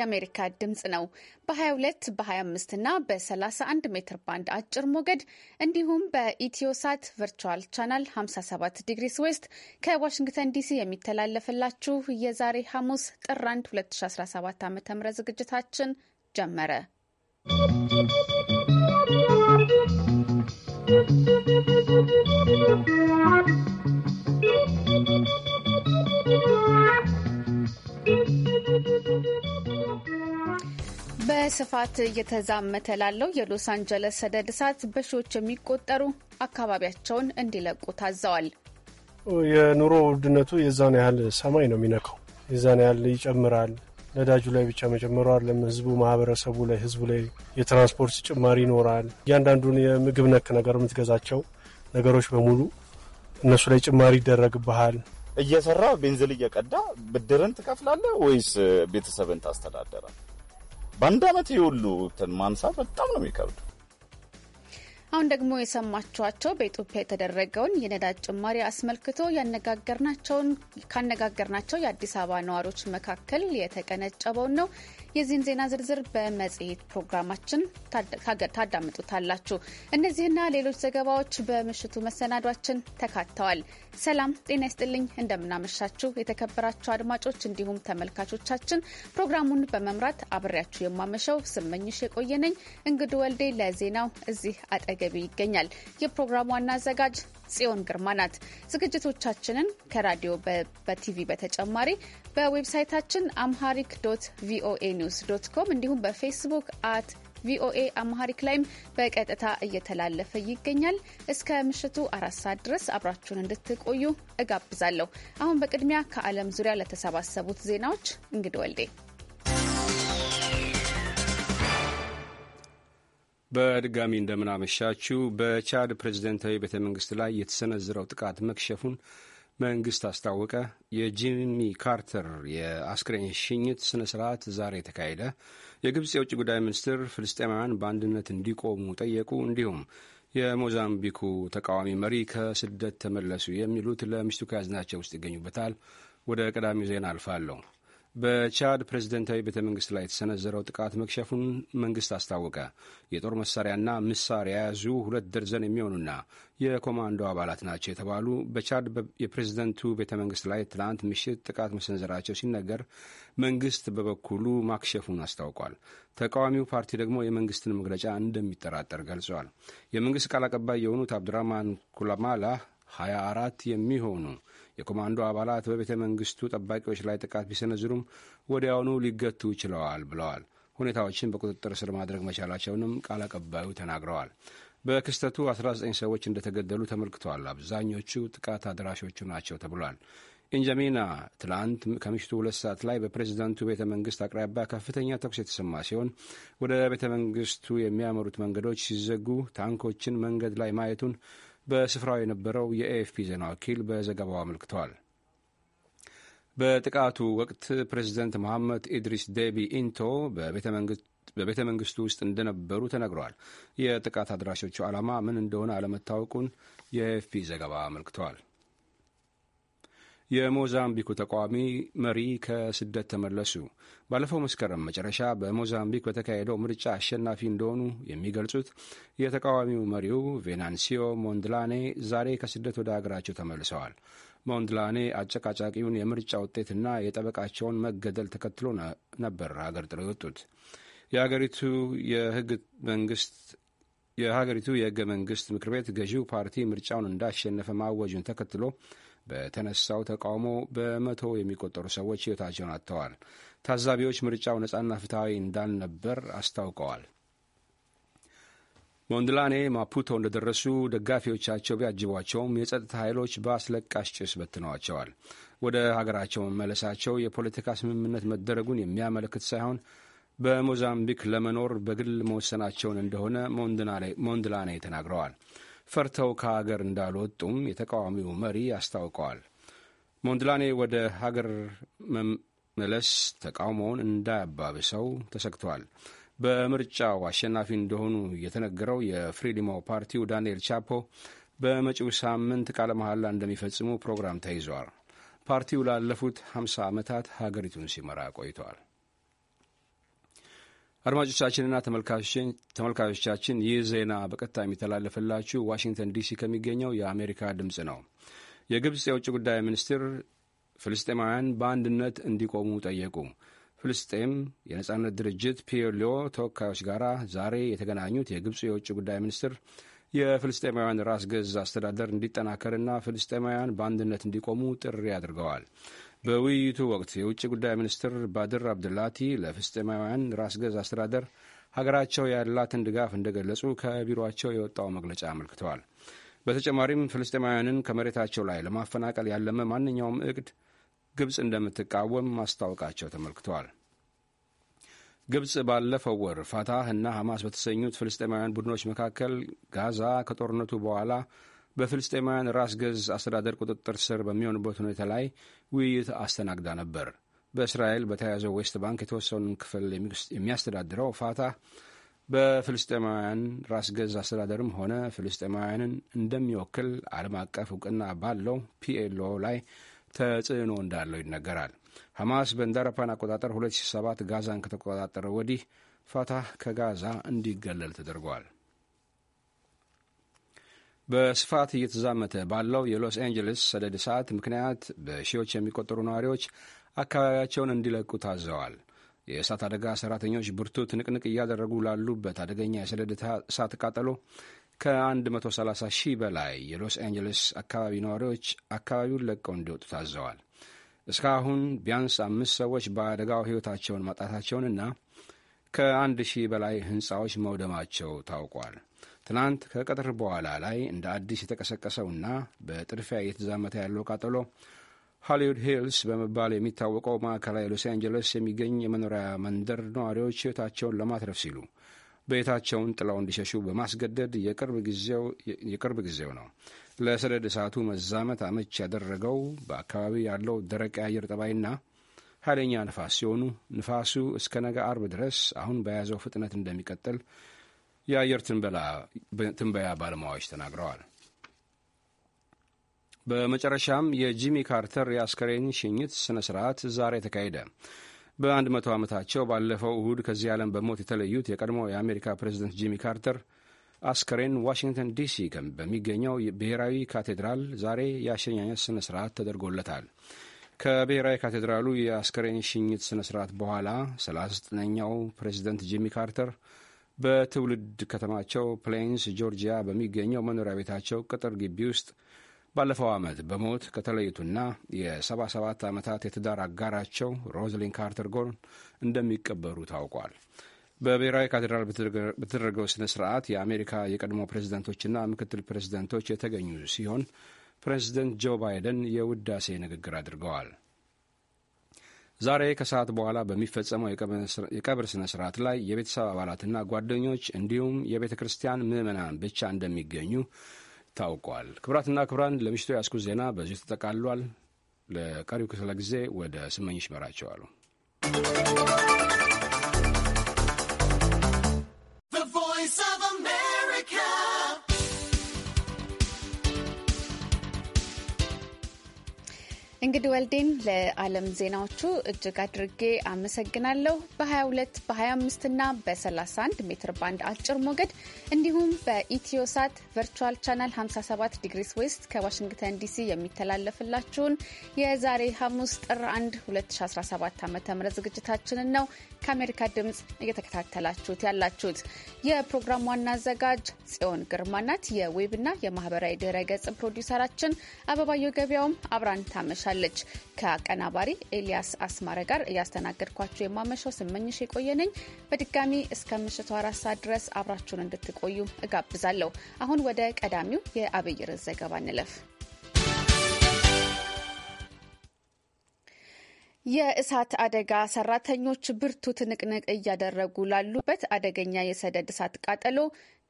የአሜሪካ ድምፅ ነው። በ22 በ25 እና በ31 ሜትር ባንድ አጭር ሞገድ እንዲሁም በኢትዮሳት ቨርቹዋል ቻናል 57 ዲግሪስ ዌስት ከዋሽንግተን ዲሲ የሚተላለፍላችሁ የዛሬ ሐሙስ ጥር 1 2017 ዓ ም ዝግጅታችን ጀመረ። ¶¶ በስፋት እየተዛመተ ላለው የሎስ አንጀለስ ሰደድ እሳት በሺዎች የሚቆጠሩ አካባቢያቸውን እንዲለቁ ታዘዋል። የኑሮ ውድነቱ የዛን ያህል ሰማይ ነው የሚነካው፣ የዛን ያህል ይጨምራል። ነዳጁ ላይ ብቻ መጨመሩ አይደለም፣ ህዝቡ ማህበረሰቡ ላይ ህዝቡ ላይ የትራንስፖርት ጭማሪ ይኖራል። እያንዳንዱን የምግብ ነክ ነገር የምትገዛቸው ነገሮች በሙሉ እነሱ ላይ ጭማሪ ይደረግብሃል። እየሰራ ቤንዝል እየቀዳ ብድርን ትከፍላለህ ወይስ ቤተሰብን ታስተዳደራል? በአንድ ዓመት ይህ ሁሉ ማንሳት በጣም ነው የሚከብዱ። አሁን ደግሞ የሰማችኋቸው በኢትዮጵያ የተደረገውን የነዳጅ ጭማሪ አስመልክቶ ያነጋገርናቸውን ካነጋገርናቸው የአዲስ አበባ ነዋሪዎች መካከል የተቀነጨበውን ነው። የዚህን ዜና ዝርዝር በመጽሔት ፕሮግራማችን ታዳምጡታላችሁ። እነዚህና ሌሎች ዘገባዎች በምሽቱ መሰናዷችን ተካተዋል። ሰላም ጤና ይስጥልኝ። እንደምናመሻችሁ የተከበራችሁ አድማጮች እንዲሁም ተመልካቾቻችን፣ ፕሮግራሙን በመምራት አብሬያችሁ የማመሸው ስመኝሽ የቆየነኝ። እንግዱ ወልዴ ለዜናው እዚህ አጠገቢ ይገኛል። የፕሮግራሙ ዋና አዘጋጅ ጽዮን ግርማ ናት። ዝግጅቶቻችንን ከራዲዮ በቲቪ በተጨማሪ በዌብሳይታችን አምሃሪክ ዶት ቪኦኤ ኒውስ ዶት ኮም እንዲሁም በፌስቡክ አት ቪኦኤ አማሃሪክ ላይም በቀጥታ እየተላለፈ ይገኛል። እስከ ምሽቱ አራት ሰዓት ድረስ አብራችሁን እንድትቆዩ እጋብዛለሁ። አሁን በቅድሚያ ከዓለም ዙሪያ ለተሰባሰቡት ዜናዎች እንግድ ወልዴ በድጋሚ እንደምናመሻችው በቻድ ፕሬዝደንታዊ ቤተ መንግስት ላይ የተሰነዘረው ጥቃት መክሸፉን መንግስት አስታወቀ። የጂሚ ካርተር የአስክሬን ሽኝት ስነ ስርዓት ዛሬ ተካሄደ። የግብፅ የውጭ ጉዳይ ሚኒስትር ፍልስጤማውያን በአንድነት እንዲቆሙ ጠየቁ። እንዲሁም የሞዛምቢኩ ተቃዋሚ መሪ ከስደት ተመለሱ የሚሉት ለምሽቱ ከያዝናቸው ውስጥ ይገኙበታል። ወደ ቀዳሚው ዜና አልፋለሁ። በቻድ ፕሬዝደንታዊ ቤተ መንግስት ላይ የተሰነዘረው ጥቃት መክሸፉን መንግስት አስታወቀ። የጦር መሳሪያና ምሳር የያዙ ሁለት ደርዘን የሚሆኑና የኮማንዶ አባላት ናቸው የተባሉ በቻድ የፕሬዝደንቱ ቤተ መንግስት ላይ ትናንት ምሽት ጥቃት መሰንዘራቸው ሲነገር መንግስት በበኩሉ ማክሸፉን አስታውቋል። ተቃዋሚው ፓርቲ ደግሞ የመንግስትን መግለጫ እንደሚጠራጠር ገልጿል። የመንግስት ቃል አቀባይ የሆኑት አብዱራህማን ኩላማላ 24 የሚሆኑ የኮማንዶ አባላት በቤተ መንግስቱ ጠባቂዎች ላይ ጥቃት ቢሰነዝሩም ወዲያውኑ ሊገቱ ችለዋል ብለዋል። ሁኔታዎችን በቁጥጥር ስር ማድረግ መቻላቸውንም ቃል አቀባዩ ተናግረዋል። በክስተቱ 19 ሰዎች እንደተገደሉ ተመልክተዋል። አብዛኞቹ ጥቃት አድራሾቹ ናቸው ተብሏል። ኢንጃሚና ትላንት ከምሽቱ ሁለት ሰዓት ላይ በፕሬዚዳንቱ ቤተ መንግስት አቅራቢያ ከፍተኛ ተኩስ የተሰማ ሲሆን ወደ ቤተ መንግስቱ የሚያመሩት መንገዶች ሲዘጉ ታንኮችን መንገድ ላይ ማየቱን በስፍራው የነበረው የኤኤፍፒ ዜና ወኪል በዘገባው አመልክተዋል። በጥቃቱ ወቅት ፕሬዚደንት መሐመድ ኢድሪስ ዴቢ ኢንቶ በቤተ መንግስቱ ውስጥ እንደነበሩ ተነግረዋል። የጥቃት አድራሾቹ ዓላማ ምን እንደሆነ አለመታወቁን የኤፍፒ ዘገባ አመልክተዋል። የሞዛምቢኩ ተቃዋሚ መሪ ከስደት ተመለሱ። ባለፈው መስከረም መጨረሻ በሞዛምቢክ በተካሄደው ምርጫ አሸናፊ እንደሆኑ የሚገልጹት የተቃዋሚው መሪው ቬናንሲዮ ሞንድላኔ ዛሬ ከስደት ወደ አገራቸው ተመልሰዋል። ሞንድላኔ አጨቃጫቂውን የምርጫ ውጤትና የጠበቃቸውን መገደል ተከትሎ ነበር አገር ጥለው የወጡት። የሀገሪቱ የህግ መንግስት የሀገሪቱ የህገ መንግስት ምክር ቤት ገዢው ፓርቲ ምርጫውን እንዳሸነፈ ማወጁን ተከትሎ በተነሳው ተቃውሞ በመቶ የሚቆጠሩ ሰዎች ሕይወታቸውን አጥተዋል። ታዛቢዎች ምርጫው ነጻና ፍትሐዊ እንዳልነበር አስታውቀዋል። ሞንድላኔ ማፑቶ እንደደረሱ ደጋፊዎቻቸው ቢያጅቧቸውም የጸጥታ ኃይሎች በአስለቃሽ ጭስ በትነዋቸዋል። ወደ ሀገራቸው መመለሳቸው የፖለቲካ ስምምነት መደረጉን የሚያመለክት ሳይሆን በሞዛምቢክ ለመኖር በግል መወሰናቸውን እንደሆነ ሞንድላኔ ተናግረዋል። ፈርተው ከሀገር እንዳልወጡም የተቃዋሚው መሪ አስታውቀዋል። ሞንድላኔ ወደ ሀገር መመለስ ተቃውሞውን እንዳያባብሰው ተሰግተዋል። በምርጫው አሸናፊ እንደሆኑ የተነገረው የፍሪሊሞ ፓርቲው ዳንኤል ቻፖ በመጪው ሳምንት ቃለ መሐላ እንደሚፈጽሙ ፕሮግራም ተይዟል። ፓርቲው ላለፉት 50 ዓመታት ሀገሪቱን ሲመራ ቆይቷል። አድማጮቻችንና ተመልካቾቻችን ይህ ዜና በቀጥታ የሚተላለፍላችሁ ዋሽንግተን ዲሲ ከሚገኘው የአሜሪካ ድምፅ ነው። የግብፅ የውጭ ጉዳይ ሚኒስትር ፍልስጤማውያን በአንድነት እንዲቆሙ ጠየቁ። ፍልስጤም የነጻነት ድርጅት ፒሎ ተወካዮች ጋር ዛሬ የተገናኙት የግብፅ የውጭ ጉዳይ ሚኒስትር የፍልስጤማውያን ራስ ገዝ አስተዳደር እንዲጠናከርና ፍልስጤማውያን በአንድነት እንዲቆሙ ጥሪ አድርገዋል። በውይይቱ ወቅት የውጭ ጉዳይ ሚኒስትር ባድር አብድላቲ ለፍልስጤማውያን ራስ ገዝ አስተዳደር ሀገራቸው ያላትን ድጋፍ እንደገለጹ ከቢሮቸው የወጣው መግለጫ አመልክተዋል። በተጨማሪም ፍልስጤማውያንን ከመሬታቸው ላይ ለማፈናቀል ያለመ ማንኛውም እቅድ ግብፅ እንደምትቃወም ማስታወቃቸው ተመልክተዋል። ግብፅ ባለፈው ወር ፋታህ እና ሐማስ በተሰኙት ፍልስጤማውያን ቡድኖች መካከል ጋዛ ከጦርነቱ በኋላ በፍልስጤማውያን ራስ ገዝ አስተዳደር ቁጥጥር ስር በሚሆንበት ሁኔታ ላይ ውይይት አስተናግዳ ነበር። በእስራኤል በተያያዘው ዌስት ባንክ የተወሰኑን ክፍል የሚያስተዳድረው ፋታህ በፍልስጤማውያን ራስ ገዝ አስተዳደርም ሆነ ፍልስጤማውያንን እንደሚወክል ዓለም አቀፍ እውቅና ባለው ፒኤልኦ ላይ ተጽዕኖ እንዳለው ይነገራል። ሐማስ በእንዳረፓን አቆጣጠር 2007 ጋዛን ከተቆጣጠረ ወዲህ ፋታህ ከጋዛ እንዲገለል ተደርጓል። በስፋት እየተዛመተ ባለው የሎስ አንጀለስ ሰደድ እሳት ምክንያት በሺዎች የሚቆጠሩ ነዋሪዎች አካባቢያቸውን እንዲለቁ ታዘዋል። የእሳት አደጋ ሰራተኞች ብርቱ ትንቅንቅ እያደረጉ ላሉበት አደገኛ የሰደድ እሳት ቃጠሎ ከ130 ሺህ በላይ የሎስ አንጀለስ አካባቢ ነዋሪዎች አካባቢውን ለቀው እንዲወጡ ታዘዋል። እስካሁን ቢያንስ አምስት ሰዎች በአደጋው ሕይወታቸውን ማጣታቸውንና ከአንድ ሺህ በላይ ሕንፃዎች መውደማቸው ታውቋል። ትናንት ከቀትር በኋላ ላይ እንደ አዲስ የተቀሰቀሰውና በጥድፊያ እየተዛመተ ያለው ቃጠሎ ሆሊውድ ሂልስ በመባል የሚታወቀው ማዕከላዊ ሎስ አንጀለስ የሚገኝ የመኖሪያ መንደር ነዋሪዎች ሕይወታቸውን ለማትረፍ ሲሉ ቤታቸውን ጥለው እንዲሸሹ በማስገደድ የቅርብ ጊዜው ነው። ለሰደድ እሳቱ መዛመት አመች ያደረገው በአካባቢ ያለው ደረቅ የአየር ጠባይና ኃይለኛ ንፋስ ሲሆኑ ንፋሱ እስከ ነገ አርብ ድረስ አሁን በያዘው ፍጥነት እንደሚቀጥል የአየር ትንበያ ባለሙያዎች ተናግረዋል። በመጨረሻም የጂሚ ካርተር የአስከሬን ሽኝት ስነ ስርዓት ዛሬ ተካሄደ። በአንድ መቶ ዓመታቸው ባለፈው እሁድ ከዚህ ዓለም በሞት የተለዩት የቀድሞ የአሜሪካ ፕሬዚደንት ጂሚ ካርተር አስከሬን ዋሽንግተን ዲሲ በሚገኘው ብሔራዊ ካቴድራል ዛሬ የአሸኛኘት ስነ ስርዓት ተደርጎለታል። ከብሔራዊ ካቴድራሉ የአስከሬን ሽኝት ስነ ስርዓት በኋላ 39ኛው ፕሬዚደንት ጂሚ ካርተር በትውልድ ከተማቸው ፕሌንስ ጆርጂያ በሚገኘው መኖሪያ ቤታቸው ቅጥር ግቢ ውስጥ ባለፈው ዓመት በሞት ከተለዩቱና የ77 ዓመታት የትዳር አጋራቸው ሮዝሊን ካርተር ጎን እንደሚቀበሩ ታውቋል። በብሔራዊ ካቴድራል በተደረገው ስነ ስርዓት የአሜሪካ የቀድሞ ፕሬዝደንቶችና ምክትል ፕሬዝደንቶች የተገኙ ሲሆን ፕሬዝደንት ጆ ባይደን የውዳሴ ንግግር አድርገዋል። ዛሬ ከሰዓት በኋላ በሚፈጸመው የቀብር ስነ ስርዓት ላይ የቤተሰብ አባላትና ጓደኞች እንዲሁም የቤተ ክርስቲያን ምዕመናን ብቻ እንደሚገኙ ታውቋል። ክብራትና ክብራን ለምሽቱ ያስኩ ዜና በዚሁ ተጠቃልሏል። ለቀሪው ክፍለ ጊዜ ወደ ስመኝሽ you. እንግዲህ ወልዴን ለዓለም ዜናዎቹ እጅግ አድርጌ አመሰግናለሁ። በ22 በ25 እና በ31 ሜትር ባንድ አጭር ሞገድ እንዲሁም በኢትዮሳት ቨርቹዋል ቻናል 57 ዲግሪስ ዌስት ከዋሽንግተን ዲሲ የሚተላለፍላችሁን የዛሬ ሐሙስ ጥር 1 2017 ዓ ም ዝግጅታችንን ነው ከአሜሪካ ድምፅ እየተከታተላችሁት ያላችሁት። የፕሮግራም ዋና አዘጋጅ ጽዮን ግርማ ናት። የዌብና የማህበራዊ ድረ ገጽ ፕሮዲውሰራችን አበባየው ገበያውም አብራን ታመሻል ደርሳለች። ከአቀናባሪ ኤልያስ አስማረ ጋር እያስተናገድኳችሁ የማመሻው ስመኝሽ የቆየነኝ። በድጋሚ እስከ ምሽቱ አራት ሰዓት ድረስ አብራችሁን እንድትቆዩ እጋብዛለሁ። አሁን ወደ ቀዳሚው የአብይ ርዕስ ዘገባ እንለፍ። የእሳት አደጋ ሰራተኞች ብርቱ ትንቅንቅ እያደረጉ ላሉበት አደገኛ የሰደድ እሳት ቃጠሎ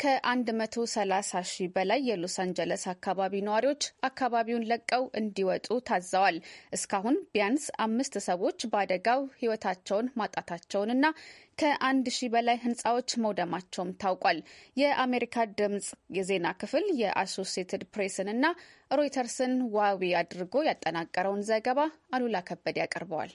ከ130 ሺህ በላይ የሎስ አንጀለስ አካባቢ ነዋሪዎች አካባቢውን ለቀው እንዲወጡ ታዘዋል። እስካሁን ቢያንስ አምስት ሰዎች በአደጋው ሕይወታቸውን ማጣታቸውንና ከአንድ ሺህ በላይ ህንፃዎች መውደማቸውም ታውቋል። የአሜሪካ ድምጽ የዜና ክፍል የአሶሲየትድ ፕሬስንና ሮይተርስን ዋቢ አድርጎ ያጠናቀረውን ዘገባ አሉላ ከበድ ያቀርበዋል።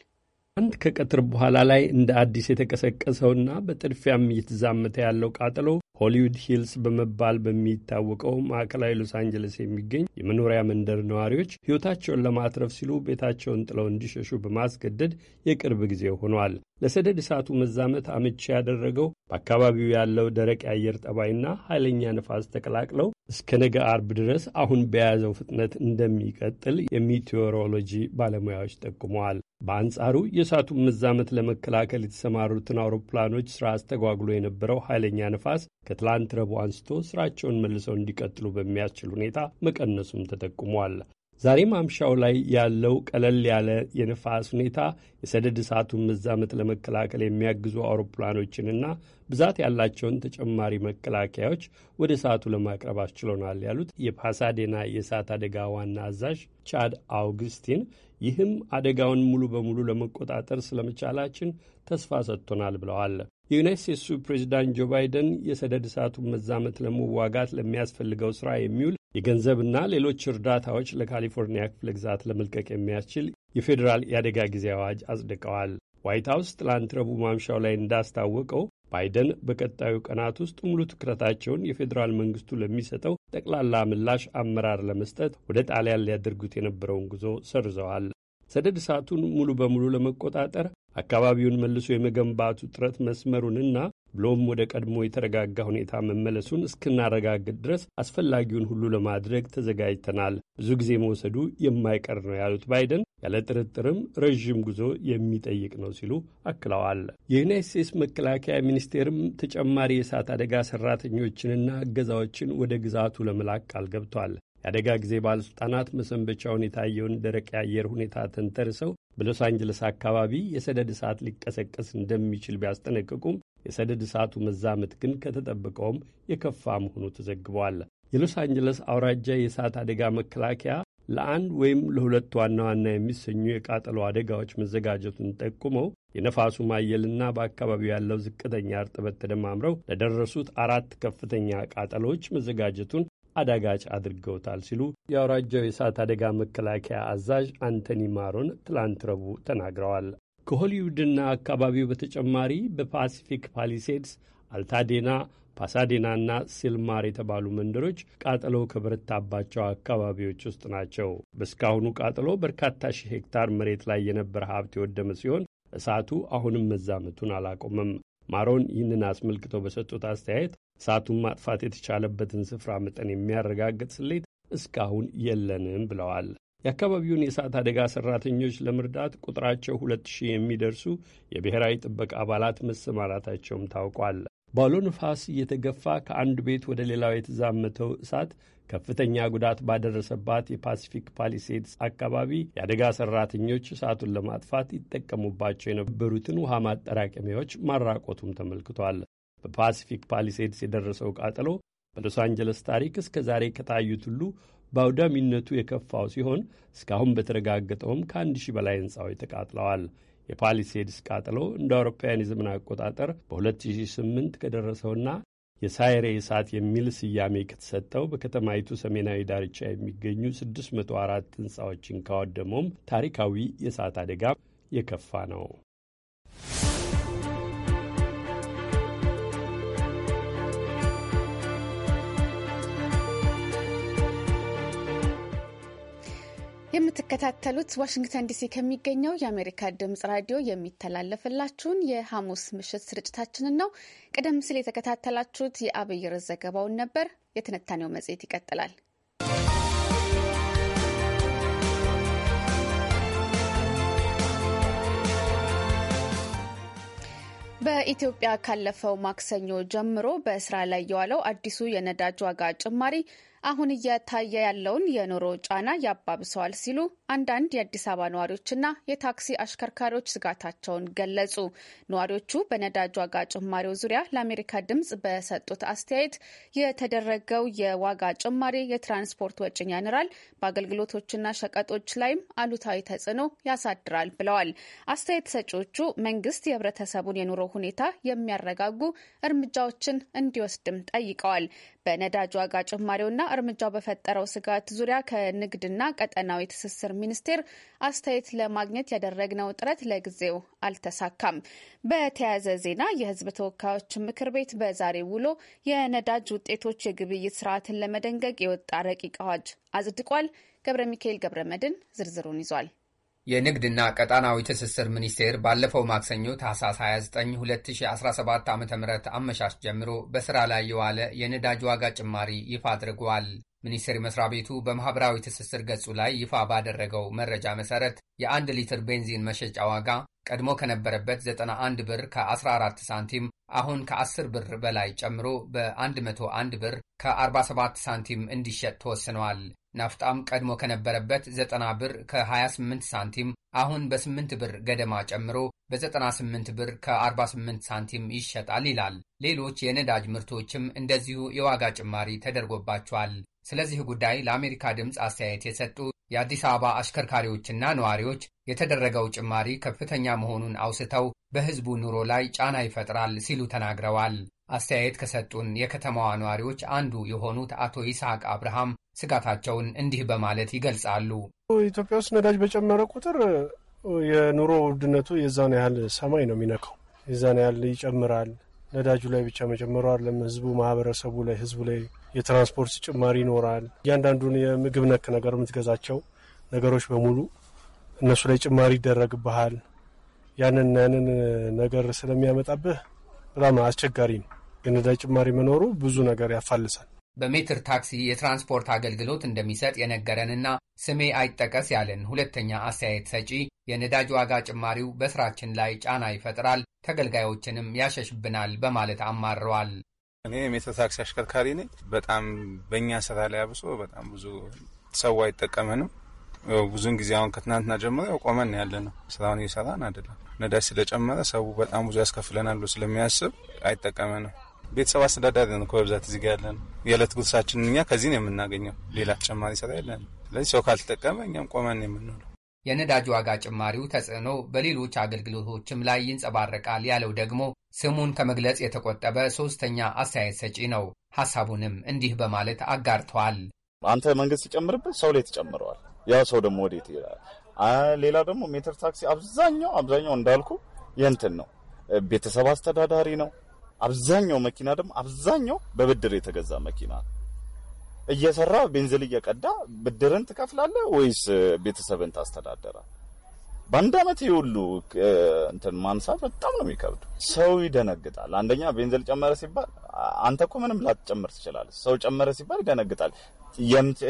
አንድ ከቀትር በኋላ ላይ እንደ አዲስ የተቀሰቀሰውና በጥድፊያም እየተዛመተ ያለው ቃጠሎ ሆሊውድ ሂልስ በመባል በሚታወቀው ማዕከላዊ ሎስ አንጀለስ የሚገኝ የመኖሪያ መንደር ነዋሪዎች ሕይወታቸውን ለማትረፍ ሲሉ ቤታቸውን ጥለው እንዲሸሹ በማስገደድ የቅርብ ጊዜ ሆኗል። ለሰደድ እሳቱ መዛመት አመቺ ያደረገው በአካባቢው ያለው ደረቅ የአየር ጠባይና ኃይለኛ ነፋስ ተቀላቅለው እስከ ነገ አርብ ድረስ አሁን በያዘው ፍጥነት እንደሚቀጥል የሚቴዎሮሎጂ ባለሙያዎች ጠቁመዋል። በአንጻሩ የእሳቱን መዛመት ለመከላከል የተሰማሩትን አውሮፕላኖች ሥራ አስተጓጉሎ የነበረው ኃይለኛ ነፋስ ከትላንት ረቡዕ አንስቶ ሥራቸውን መልሰው እንዲቀጥሉ በሚያስችል ሁኔታ መቀነሱም ተጠቁሟል። ዛሬ ማምሻው ላይ ያለው ቀለል ያለ የንፋስ ሁኔታ የሰደድ እሳቱን መዛመት ለመከላከል የሚያግዙ አውሮፕላኖችንና ብዛት ያላቸውን ተጨማሪ መከላከያዎች ወደ እሳቱ ለማቅረብ አስችሎናል ያሉት የፓሳዴና የእሳት አደጋ ዋና አዛዥ ቻድ አውግስቲን፣ ይህም አደጋውን ሙሉ በሙሉ ለመቆጣጠር ስለመቻላችን ተስፋ ሰጥቶናል ብለዋል። የዩናይት ስቴትሱ ፕሬዚዳንት ጆ ባይደን የሰደድ እሳቱን መዛመት ለመዋጋት ለሚያስፈልገው ስራ የሚውል የገንዘብና ሌሎች እርዳታዎች ለካሊፎርኒያ ክፍለ ግዛት ለመልቀቅ የሚያስችል የፌዴራል የአደጋ ጊዜ አዋጅ አጽድቀዋል። ዋይት ሀውስ ትላንት ረቡዕ ማምሻው ላይ እንዳስታወቀው ባይደን በቀጣዩ ቀናት ውስጥ ሙሉ ትኩረታቸውን የፌዴራል መንግስቱ ለሚሰጠው ጠቅላላ ምላሽ አመራር ለመስጠት ወደ ጣሊያን ሊያደርጉት የነበረውን ጉዞ ሰርዘዋል። ሰደድ እሳቱን ሙሉ በሙሉ ለመቆጣጠር አካባቢውን መልሶ የመገንባቱ ጥረት መስመሩንና ብሎም ወደ ቀድሞ የተረጋጋ ሁኔታ መመለሱን እስክናረጋግጥ ድረስ አስፈላጊውን ሁሉ ለማድረግ ተዘጋጅተናል፣ ብዙ ጊዜ መውሰዱ የማይቀር ነው ያሉት ባይደን ያለ ጥርጥርም ረዥም ጉዞ የሚጠይቅ ነው ሲሉ አክለዋል። የዩናይት ስቴትስ መከላከያ ሚኒስቴርም ተጨማሪ የእሳት አደጋ ሰራተኞችንና እገዛዎችን ወደ ግዛቱ ለመላክ ቃል ገብቷል። የአደጋ ጊዜ ባለሥልጣናት መሰንበቻውን የታየውን ደረቅ የአየር ሁኔታ ተንተርሰው በሎስ አንጀለስ አካባቢ የሰደድ እሳት ሊቀሰቀስ እንደሚችል ቢያስጠነቅቁም የሰደድ እሳቱ መዛመት ግን ከተጠበቀውም የከፋ መሆኑ ተዘግቧል። የሎስ አንጀለስ አውራጃ የእሳት አደጋ መከላከያ ለአንድ ወይም ለሁለት ዋና ዋና የሚሰኙ የቃጠሎ አደጋዎች መዘጋጀቱን ጠቁመው የነፋሱ ማየልና በአካባቢው ያለው ዝቅተኛ እርጥበት ተደማምረው ለደረሱት አራት ከፍተኛ ቃጠሎዎች መዘጋጀቱን አዳጋች አድርገውታል ሲሉ የአውራጃው የእሳት አደጋ መከላከያ አዛዥ አንቶኒ ማሮን ትላንት ረቡዕ ተናግረዋል። ከሆሊውድና አካባቢው በተጨማሪ በፓሲፊክ ፓሊሴድስ፣ አልታዴና፣ ፓሳዴናና ሲልማር የተባሉ መንደሮች ቃጠሎ ከበረታባቸው አካባቢዎች ውስጥ ናቸው። በእስካሁኑ ቃጠሎ በርካታ ሺህ ሄክታር መሬት ላይ የነበረ ሀብት የወደመ ሲሆን እሳቱ አሁንም መዛመቱን አላቆመም። ማሮን ይህንን አስመልክቶ በሰጡት አስተያየት እሳቱን ማጥፋት የተቻለበትን ስፍራ መጠን የሚያረጋግጥ ስሌት እስካሁን የለንም ብለዋል። የአካባቢውን የእሳት አደጋ ሰራተኞች ለመርዳት ቁጥራቸው ሁለት ሺህ የሚደርሱ የብሔራዊ ጥበቃ አባላት መሰማራታቸውም ታውቋል። ባሎ ነፋስ እየተገፋ ከአንድ ቤት ወደ ሌላው የተዛመተው እሳት ከፍተኛ ጉዳት ባደረሰባት የፓሲፊክ ፓሊሴድስ አካባቢ የአደጋ ሰራተኞች እሳቱን ለማጥፋት ይጠቀሙባቸው የነበሩትን ውሃ ማጠራቀሚያዎች ማራቆቱም ተመልክቷል። በፓሲፊክ ፓሊሴድስ የደረሰው ቃጠሎ በሎስ አንጀለስ ታሪክ እስከ ዛሬ ከታዩት ሁሉ በአውዳሚነቱ የከፋው ሲሆን እስካሁን በተረጋገጠውም ከአንድ ሺህ በላይ ሕንፃዎች ተቃጥለዋል። የፓሊሴድስ ቃጠሎ እንደ አውሮፓውያን የዘመን አቆጣጠር በ2008 ከደረሰውና የሳይሬ እሳት የሚል ስያሜ ከተሰጠው በከተማይቱ ሰሜናዊ ዳርቻ የሚገኙ 604 ሕንፃዎችን ካወደመውም ታሪካዊ የእሳት አደጋ የከፋ ነው። የምትከታተሉት ዋሽንግተን ዲሲ ከሚገኘው የአሜሪካ ድምጽ ራዲዮ የሚተላለፍላችሁን የሐሙስ ምሽት ስርጭታችንን ነው። ቀደም ሲል የተከታተላችሁት የአብይር ዘገባውን ነበር። የትንታኔው መጽሔት ይቀጥላል። በኢትዮጵያ ካለፈው ማክሰኞ ጀምሮ በስራ ላይ የዋለው አዲሱ የነዳጅ ዋጋ ጭማሪ አሁን እየታየ ያለውን የኑሮ ጫና ያባብሰዋል ሲሉ አንዳንድ የአዲስ አበባ ነዋሪዎችና የታክሲ አሽከርካሪዎች ስጋታቸውን ገለጹ። ነዋሪዎቹ በነዳጅ ዋጋ ጭማሪው ዙሪያ ለአሜሪካ ድምጽ በሰጡት አስተያየት የተደረገው የዋጋ ጭማሪ የትራንስፖርት ወጪን ያንራል፣ በአገልግሎቶችና ሸቀጦች ላይም አሉታዊ ተጽዕኖ ያሳድራል ብለዋል። አስተያየት ሰጪዎቹ መንግስት የህብረተሰቡን የኑሮ ሁኔታ የሚያረጋጉ እርምጃዎችን እንዲወስድም ጠይቀዋል። በነዳጅ ዋጋ ጭማሪውና እርምጃው በፈጠረው ስጋት ዙሪያ ከንግድና ቀጠናዊ ትስስር ሚኒስቴር አስተያየት ለማግኘት ያደረግነው ጥረት ለጊዜው አልተሳካም። በተያያዘ ዜና የህዝብ ተወካዮች ምክር ቤት በዛሬ ውሎ የነዳጅ ውጤቶች የግብይት ስርዓትን ለመደንገግ የወጣ ረቂቅ አዋጅ አጽድቋል። ገብረ ሚካኤል ገብረ መድን ዝርዝሩን ይዟል። የንግድና ቀጣናዊ ትስስር ሚኒስቴር ባለፈው ማክሰኞ ታህሳስ 29 2017 ዓ ም አመሻሽ ጀምሮ በሥራ ላይ የዋለ የነዳጅ ዋጋ ጭማሪ ይፋ አድርጓል። ሚኒስቴር መስሪያ ቤቱ በማኅበራዊ ትስስር ገጹ ላይ ይፋ ባደረገው መረጃ መሠረት የአንድ ሊትር ቤንዚን መሸጫ ዋጋ ቀድሞ ከነበረበት 91 ብር ከ14 ሳንቲም አሁን ከ10 ብር በላይ ጨምሮ በ101 ብር ከ47 ሳንቲም እንዲሸጥ ተወስነዋል። ናፍጣም ቀድሞ ከነበረበት 90 ብር ከ28 ሳንቲም አሁን በ8 ብር ገደማ ጨምሮ በ98 ብር ከ48 ሳንቲም ይሸጣል ይላል። ሌሎች የነዳጅ ምርቶችም እንደዚሁ የዋጋ ጭማሪ ተደርጎባቸዋል። ስለዚህ ጉዳይ ለአሜሪካ ድምፅ አስተያየት የሰጡ የአዲስ አበባ አሽከርካሪዎችና ነዋሪዎች የተደረገው ጭማሪ ከፍተኛ መሆኑን አውስተው በሕዝቡ ኑሮ ላይ ጫና ይፈጥራል ሲሉ ተናግረዋል። አስተያየት ከሰጡን የከተማዋ ነዋሪዎች አንዱ የሆኑት አቶ ይስሐቅ አብርሃም ስጋታቸውን እንዲህ በማለት ይገልጻሉ። ኢትዮጵያ ውስጥ ነዳጅ በጨመረ ቁጥር የኑሮ ውድነቱ የዛን ያህል ሰማይ ነው የሚነካው። የዛን ያህል ይጨምራል። ነዳጁ ላይ ብቻ መጨመሩ አለም ህዝቡ፣ ማህበረሰቡ ላይ ህዝቡ ላይ የትራንስፖርት ጭማሪ ይኖራል። እያንዳንዱን የምግብ ነክ ነገር የምትገዛቸው ነገሮች በሙሉ እነሱ ላይ ጭማሪ ይደረግብሃል። ያንን ያንን ነገር ስለሚያመጣብህ በጣም አስቸጋሪ ነው። የነዳጅ ጭማሪ መኖሩ ብዙ ነገር ያፋልሳል። በሜትር ታክሲ የትራንስፖርት አገልግሎት እንደሚሰጥ የነገረንና ስሜ አይጠቀስ ያለን ሁለተኛ አስተያየት ሰጪ የነዳጅ ዋጋ ጭማሪው በስራችን ላይ ጫና ይፈጥራል፣ ተገልጋዮችንም ያሸሽብናል በማለት አማረዋል። እኔ የሜትር ታክሲ አሽከርካሪ ነኝ። በጣም በእኛ ስራ ላይ አብሶ በጣም ብዙ ሰው አይጠቀመንም። ብዙን ጊዜ አሁን ከትናንትና ጀምሮ ያው ቆመን ያለ ነው። ስራውን እየሰራን አይደለም። ነዳጅ ስለጨመረ ሰው በጣም ብዙ ያስከፍለናል ስለሚያስብ አይጠቀመንም። ቤተሰብ አስተዳዳሪ እኮ በብዛት እዚህ ጋ ያለን። የዕለት ጉርሳችን እኛ ከዚህ ነው የምናገኘው። ሌላ ተጨማሪ ስራ የለን። ስለዚህ ሰው ካልተጠቀመ እኛም ቆመን የምንውለው። የነዳጅ ዋጋ ጭማሪው ተጽዕኖ በሌሎች አገልግሎቶችም ላይ ይንጸባረቃል ያለው ደግሞ ስሙን ከመግለጽ የተቆጠበ ሶስተኛ አስተያየት ሰጪ ነው። ሐሳቡንም እንዲህ በማለት አጋርተዋል። አንተ መንግስት ሲጨምርበት ሰው ላይ ተጨምረዋል። ያው ሰው ደግሞ ወዴት ይላል። ሌላ ደግሞ ሜትር ታክሲ አብዛኛው አብዛኛው እንዳልኩ የእንትን ነው ቤተሰብ አስተዳዳሪ ነው አብዛኛው መኪና ደግሞ አብዛኛው በብድር የተገዛ መኪና እየሰራ ቤንዘል እየቀዳ ብድርን ትከፍላለህ ወይስ ቤተሰብን ታስተዳደራል? በአንድ አመት የሁሉ እንትን ማንሳት በጣም ነው የሚከብዱ። ሰው ይደነግጣል። አንደኛ ቤንዘል ጨመረ ሲባል አንተ እኮ ምንም ላትጨምር ትችላል። ሰው ጨመረ ሲባል ይደነግጣል።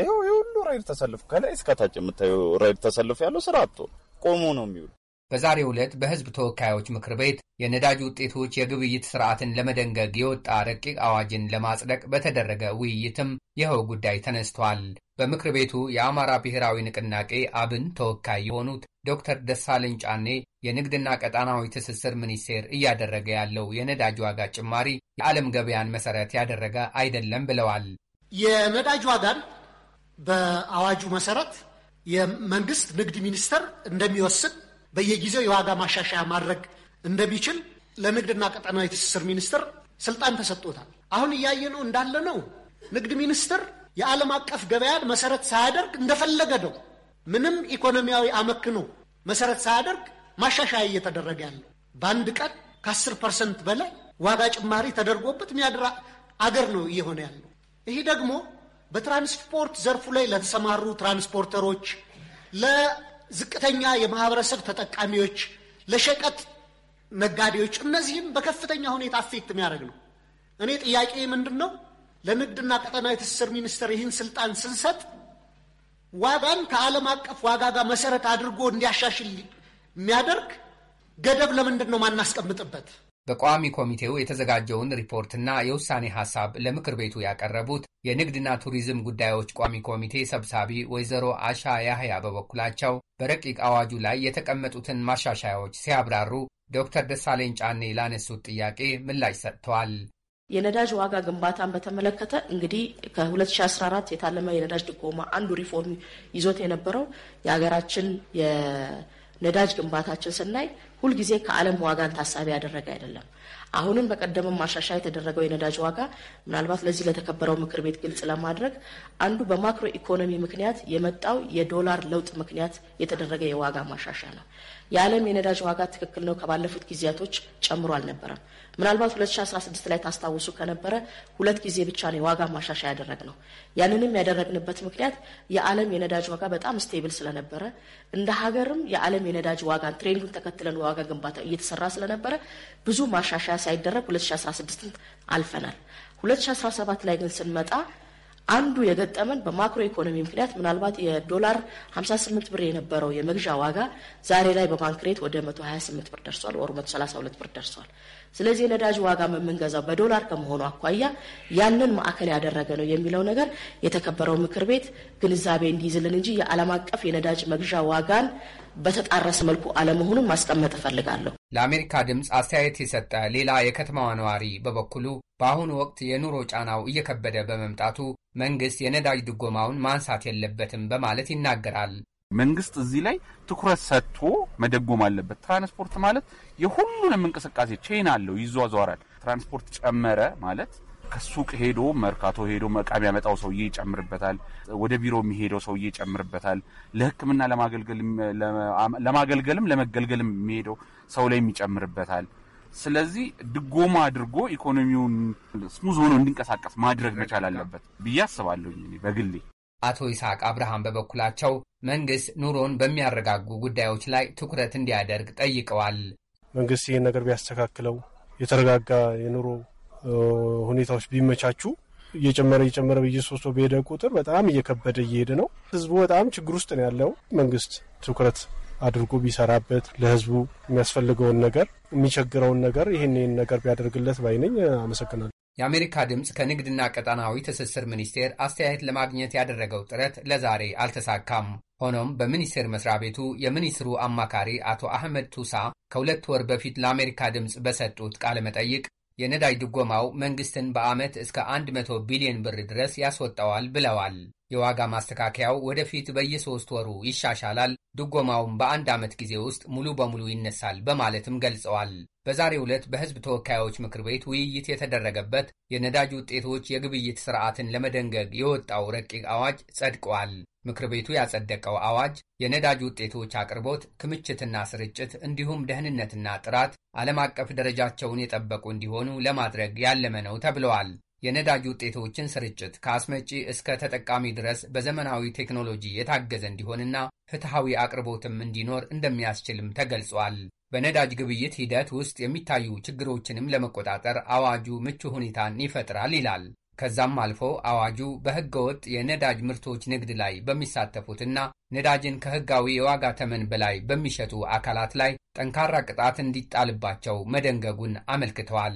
ይሄው የሁሉ ራይድ ተሰልፎ ከላይ እስከታች የምታየው ራይድ ተሰልፎ ያለው ስራ አጥቶ ቆሞ ነው የሚውሉ። በዛሬው ዕለት በሕዝብ ተወካዮች ምክር ቤት የነዳጅ ውጤቶች የግብይት ስርዓትን ለመደንገግ የወጣ ረቂቅ አዋጅን ለማጽደቅ በተደረገ ውይይትም ይኸው ጉዳይ ተነስቷል። በምክር ቤቱ የአማራ ብሔራዊ ንቅናቄ አብን ተወካይ የሆኑት ዶክተር ደሳለኝ ጫኔ የንግድና ቀጣናዊ ትስስር ሚኒስቴር እያደረገ ያለው የነዳጅ ዋጋ ጭማሪ የዓለም ገበያን መሰረት ያደረገ አይደለም ብለዋል። የነዳጅ ዋጋን በአዋጁ መሰረት የመንግስት ንግድ ሚኒስቴር እንደሚወስን በየጊዜው የዋጋ ማሻሻያ ማድረግ እንደሚችል ለንግድና ቀጠናዊ ትስስር ሚኒስቴር ስልጣን ተሰጥቶታል። አሁን እያየነው እንዳለ ነው። ንግድ ሚኒስቴር የዓለም አቀፍ ገበያን መሰረት ሳያደርግ እንደፈለገ ነው። ምንም ኢኮኖሚያዊ አመክኖ መሰረት ሳያደርግ ማሻሻያ እየተደረገ ያለው በአንድ ቀን ከአስር ፐርሰንት በላይ ዋጋ ጭማሪ ተደርጎበት የሚያድር አገር ነው እየሆነ ያለው። ይህ ደግሞ በትራንስፖርት ዘርፉ ላይ ለተሰማሩ ትራንስፖርተሮች ዝቅተኛ የማህበረሰብ ተጠቃሚዎች፣ ለሸቀጥ ነጋዴዎች፣ እነዚህም በከፍተኛ ሁኔታ አፌክት የሚያደርግ ነው። እኔ ጥያቄ ምንድን ነው ለንግድና ቀጠናዊ ትስስር ሚኒስቴር ይህን ስልጣን ስንሰጥ ዋጋን ከዓለም አቀፍ ዋጋ ጋር መሰረት አድርጎ እንዲያሻሽል የሚያደርግ ገደብ ለምንድን ነው ማናስቀምጥበት? በቋሚ ኮሚቴው የተዘጋጀውን ሪፖርትና የውሳኔ ሐሳብ ለምክር ቤቱ ያቀረቡት የንግድና ቱሪዝም ጉዳዮች ቋሚ ኮሚቴ ሰብሳቢ ወይዘሮ አሻ ያህያ በበኩላቸው በረቂቅ አዋጁ ላይ የተቀመጡትን ማሻሻያዎች ሲያብራሩ ዶክተር ደሳለኝ ጫኔ ላነሱት ጥያቄ ምላሽ ሰጥተዋል። የነዳጅ ዋጋ ግንባታን በተመለከተ እንግዲህ ከ2014 የታለመ የነዳጅ ድጎማ አንዱ ሪፎርም ይዞት የነበረው የሀገራችን የነዳጅ ግንባታችን ስናይ ሁልጊዜ ከዓለም ዋጋን ታሳቢ ያደረገ አይደለም። አሁንም በቀደመም ማሻሻያ የተደረገው የነዳጅ ዋጋ ምናልባት ለዚህ ለተከበረው ምክር ቤት ግልጽ ለማድረግ አንዱ በማክሮ ኢኮኖሚ ምክንያት የመጣው የዶላር ለውጥ ምክንያት የተደረገ የዋጋ ማሻሻያ ነው። የዓለም የነዳጅ ዋጋ ትክክል ነው፣ ከባለፉት ጊዜያቶች ጨምሮ አልነበረም። ምናልባት 2016 ላይ ታስታውሱ ከነበረ ሁለት ጊዜ ብቻ ነው የዋጋ ማሻሻያ ያደረግነው። ያንንም ያደረግንበት ምክንያት የዓለም የነዳጅ ዋጋ በጣም ስቴብል ስለነበረ እንደ ሀገርም የዓለም የነዳጅ ዋጋን ትሬንዱን ተከትለን ዋጋ ግንባታ እየተሰራ ስለነበረ ብዙ ማሻሻያ ሳይደረግ 2016 አልፈናል። 2017 ላይ ግን ስንመጣ አንዱ የገጠመን በማክሮ ኢኮኖሚ ምክንያት ምናልባት የዶላር 58 ብር የነበረው የመግዣ ዋጋ ዛሬ ላይ በባንክ ሬት ወደ 128 ብር ደርሷል፣ ወር 132 ብር ደርሷል። ስለዚህ የነዳጅ ዋጋ የምንገዛው በዶላር ከመሆኑ አኳያ ያንን ማዕከል ያደረገ ነው የሚለው ነገር የተከበረው ምክር ቤት ግንዛቤ እንዲይዝልን እንጂ የዓለም አቀፍ የነዳጅ መግዣ ዋጋን በተጣረሰ መልኩ አለመሆኑን ማስቀመጥ እፈልጋለሁ። ለአሜሪካ ድምፅ አስተያየት የሰጠ ሌላ የከተማዋ ነዋሪ በበኩሉ በአሁኑ ወቅት የኑሮ ጫናው እየከበደ በመምጣቱ መንግስት የነዳጅ ድጎማውን ማንሳት የለበትም በማለት ይናገራል። መንግስት እዚህ ላይ ትኩረት ሰጥቶ መደጎም አለበት። ትራንስፖርት ማለት የሁሉንም እንቅስቃሴ ቼን አለው፣ ይዟዟራል። ትራንስፖርት ጨመረ ማለት ከሱቅ ሄዶ መርካቶ ሄዶ እቃ የሚያመጣው ሰውዬ ይጨምርበታል። ወደ ቢሮ የሚሄደው ሰውዬ ይጨምርበታል። ለሕክምና ለማገልገልም ለመገልገልም የሚሄደው ሰው ላይ ይጨምርበታል። ስለዚህ ድጎማ አድርጎ ኢኮኖሚውን ስሙዝ ሆኖ እንዲንቀሳቀስ ማድረግ መቻል አለበት ብዬ አስባለሁ በግሌ። አቶ ይስሐቅ አብርሃም በበኩላቸው መንግስት ኑሮን በሚያረጋጉ ጉዳዮች ላይ ትኩረት እንዲያደርግ ጠይቀዋል። መንግስት ይህን ነገር ቢያስተካክለው የተረጋጋ የኑሮ ሁኔታዎች ቢመቻቹ እየጨመረ እየጨመረ በየሶስት በሄደ ቁጥር በጣም እየከበደ እየሄደ ነው። ህዝቡ በጣም ችግር ውስጥ ነው ያለው። መንግስት ትኩረት አድርጎ ቢሰራበት ለህዝቡ የሚያስፈልገውን ነገር የሚቸግረውን ነገር ይህን ይህን ነገር ቢያደርግለት ባይነኝ። አመሰግናለሁ። የአሜሪካ ድምፅ ከንግድና ቀጣናዊ ትስስር ሚኒስቴር አስተያየት ለማግኘት ያደረገው ጥረት ለዛሬ አልተሳካም። ሆኖም በሚኒስቴር መስሪያ ቤቱ የሚኒስትሩ አማካሪ አቶ አህመድ ቱሳ ከሁለት ወር በፊት ለአሜሪካ ድምፅ በሰጡት ቃለ መጠይቅ የነዳጅ ድጎማው መንግስትን በዓመት እስከ 100 ቢሊዮን ብር ድረስ ያስወጣዋል ብለዋል። የዋጋ ማስተካከያው ወደፊት በየሶስት ወሩ ይሻሻላል፣ ድጎማውም በአንድ ዓመት ጊዜ ውስጥ ሙሉ በሙሉ ይነሳል በማለትም ገልጸዋል። በዛሬ ዕለት በሕዝብ ተወካዮች ምክር ቤት ውይይት የተደረገበት የነዳጅ ውጤቶች የግብይት ሥርዓትን ለመደንገግ የወጣው ረቂቅ አዋጅ ጸድቀዋል። ምክር ቤቱ ያጸደቀው አዋጅ የነዳጅ ውጤቶች አቅርቦት፣ ክምችትና ስርጭት እንዲሁም ደህንነትና ጥራት ዓለም አቀፍ ደረጃቸውን የጠበቁ እንዲሆኑ ለማድረግ ያለመ ነው ተብለዋል። የነዳጅ ውጤቶችን ስርጭት ከአስመጪ እስከ ተጠቃሚ ድረስ በዘመናዊ ቴክኖሎጂ የታገዘ እንዲሆንና ፍትሐዊ አቅርቦትም እንዲኖር እንደሚያስችልም ተገልጿል። በነዳጅ ግብይት ሂደት ውስጥ የሚታዩ ችግሮችንም ለመቆጣጠር አዋጁ ምቹ ሁኔታን ይፈጥራል ይላል። ከዛም አልፎ አዋጁ ወጥ የነዳጅ ምርቶች ንግድ ላይ በሚሳተፉትና ነዳጅን ከሕጋዊ የዋጋ ተመን በላይ በሚሸጡ አካላት ላይ ጠንካራ ቅጣት እንዲጣልባቸው መደንገጉን አመልክተዋል።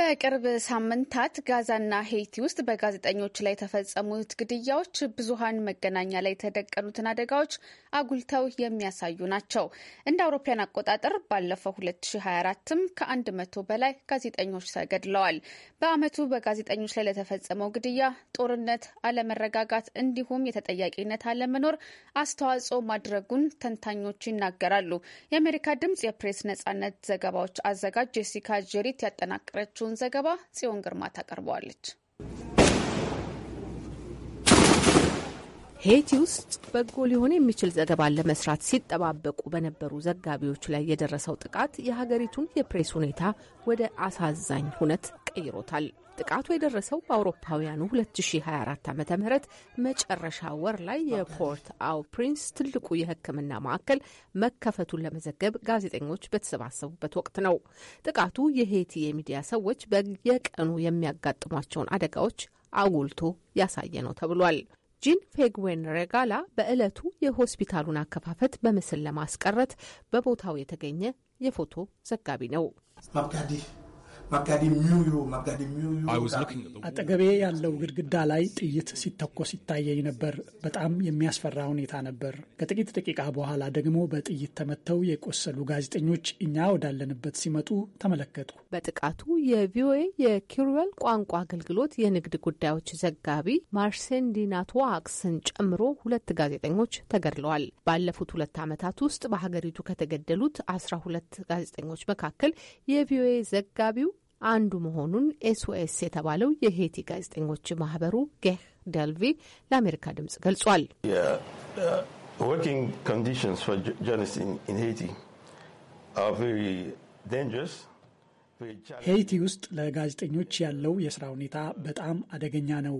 በቅርብ ሳምንታት ጋዛና ሄይቲ ውስጥ በጋዜጠኞች ላይ የተፈጸሙት ግድያዎች ብዙሀን መገናኛ ላይ የተደቀኑትን አደጋዎች አጉልተው የሚያሳዩ ናቸው። እንደ አውሮፓውያን አቆጣጠር ባለፈው 2024ም ከ100 በላይ ጋዜጠኞች ተገድለዋል። በአመቱ በጋዜጠኞች ላይ ለተፈጸመው ግድያ ጦርነት፣ አለመረጋጋት እንዲሁም የተጠያቂነት አለመኖር አስተዋጽኦ ማድረጉን ተንታኞች ይናገራሉ። የአሜሪካ ድምጽ የፕሬስ ነጻነት ዘገባዎች አዘጋጅ ጄሲካ ጀሪት ያጠናቀረችውን የደረሰውን ዘገባ ጽዮን ግርማ ታቀርበዋለች። ሄይቲ ውስጥ በጎ ሊሆን የሚችል ዘገባን ለመስራት ሲጠባበቁ በነበሩ ዘጋቢዎች ላይ የደረሰው ጥቃት የሀገሪቱን የፕሬስ ሁኔታ ወደ አሳዛኝ ሁነት ቀይሮታል። ጥቃቱ የደረሰው በአውሮፓውያኑ 2024 ዓ ም መጨረሻ ወር ላይ የፖርት አው ፕሪንስ ትልቁ የሕክምና ማዕከል መከፈቱን ለመዘገብ ጋዜጠኞች በተሰባሰቡበት ወቅት ነው። ጥቃቱ የሄቲ የሚዲያ ሰዎች በየቀኑ የሚያጋጥሟቸውን አደጋዎች አጉልቶ ያሳየ ነው ተብሏል። ጂን ፌግዌን ሬጋላ በዕለቱ የሆስፒታሉን አከፋፈት በምስል ለማስቀረት በቦታው የተገኘ የፎቶ ዘጋቢ ነው። አጠገቤ ያለው ግድግዳ ላይ ጥይት ሲተኮስ ይታየኝ ነበር። በጣም የሚያስፈራ ሁኔታ ነበር። ከጥቂት ደቂቃ በኋላ ደግሞ በጥይት ተመተው የቆሰሉ ጋዜጠኞች እኛ ወዳለንበት ሲመጡ ተመለከቱ። በጥቃቱ የቪኦኤ የኪሩዌል ቋንቋ አገልግሎት የንግድ ጉዳዮች ዘጋቢ ማርሴንዲናቶ አክስን ጨምሮ ሁለት ጋዜጠኞች ተገድለዋል። ባለፉት ሁለት ዓመታት ውስጥ በሀገሪቱ ከተገደሉት አስራ ሁለት ጋዜጠኞች መካከል የቪኦኤ ዘጋቢው አንዱ መሆኑን ኤስኦኤስ የተባለው የሄቲ ጋዜጠኞች ማህበሩ ጌህ ደልቪ ለአሜሪካ ድምጽ ገልጿል። uh, ሄይቲ ውስጥ ለጋዜጠኞች ያለው የስራ ሁኔታ በጣም አደገኛ ነው።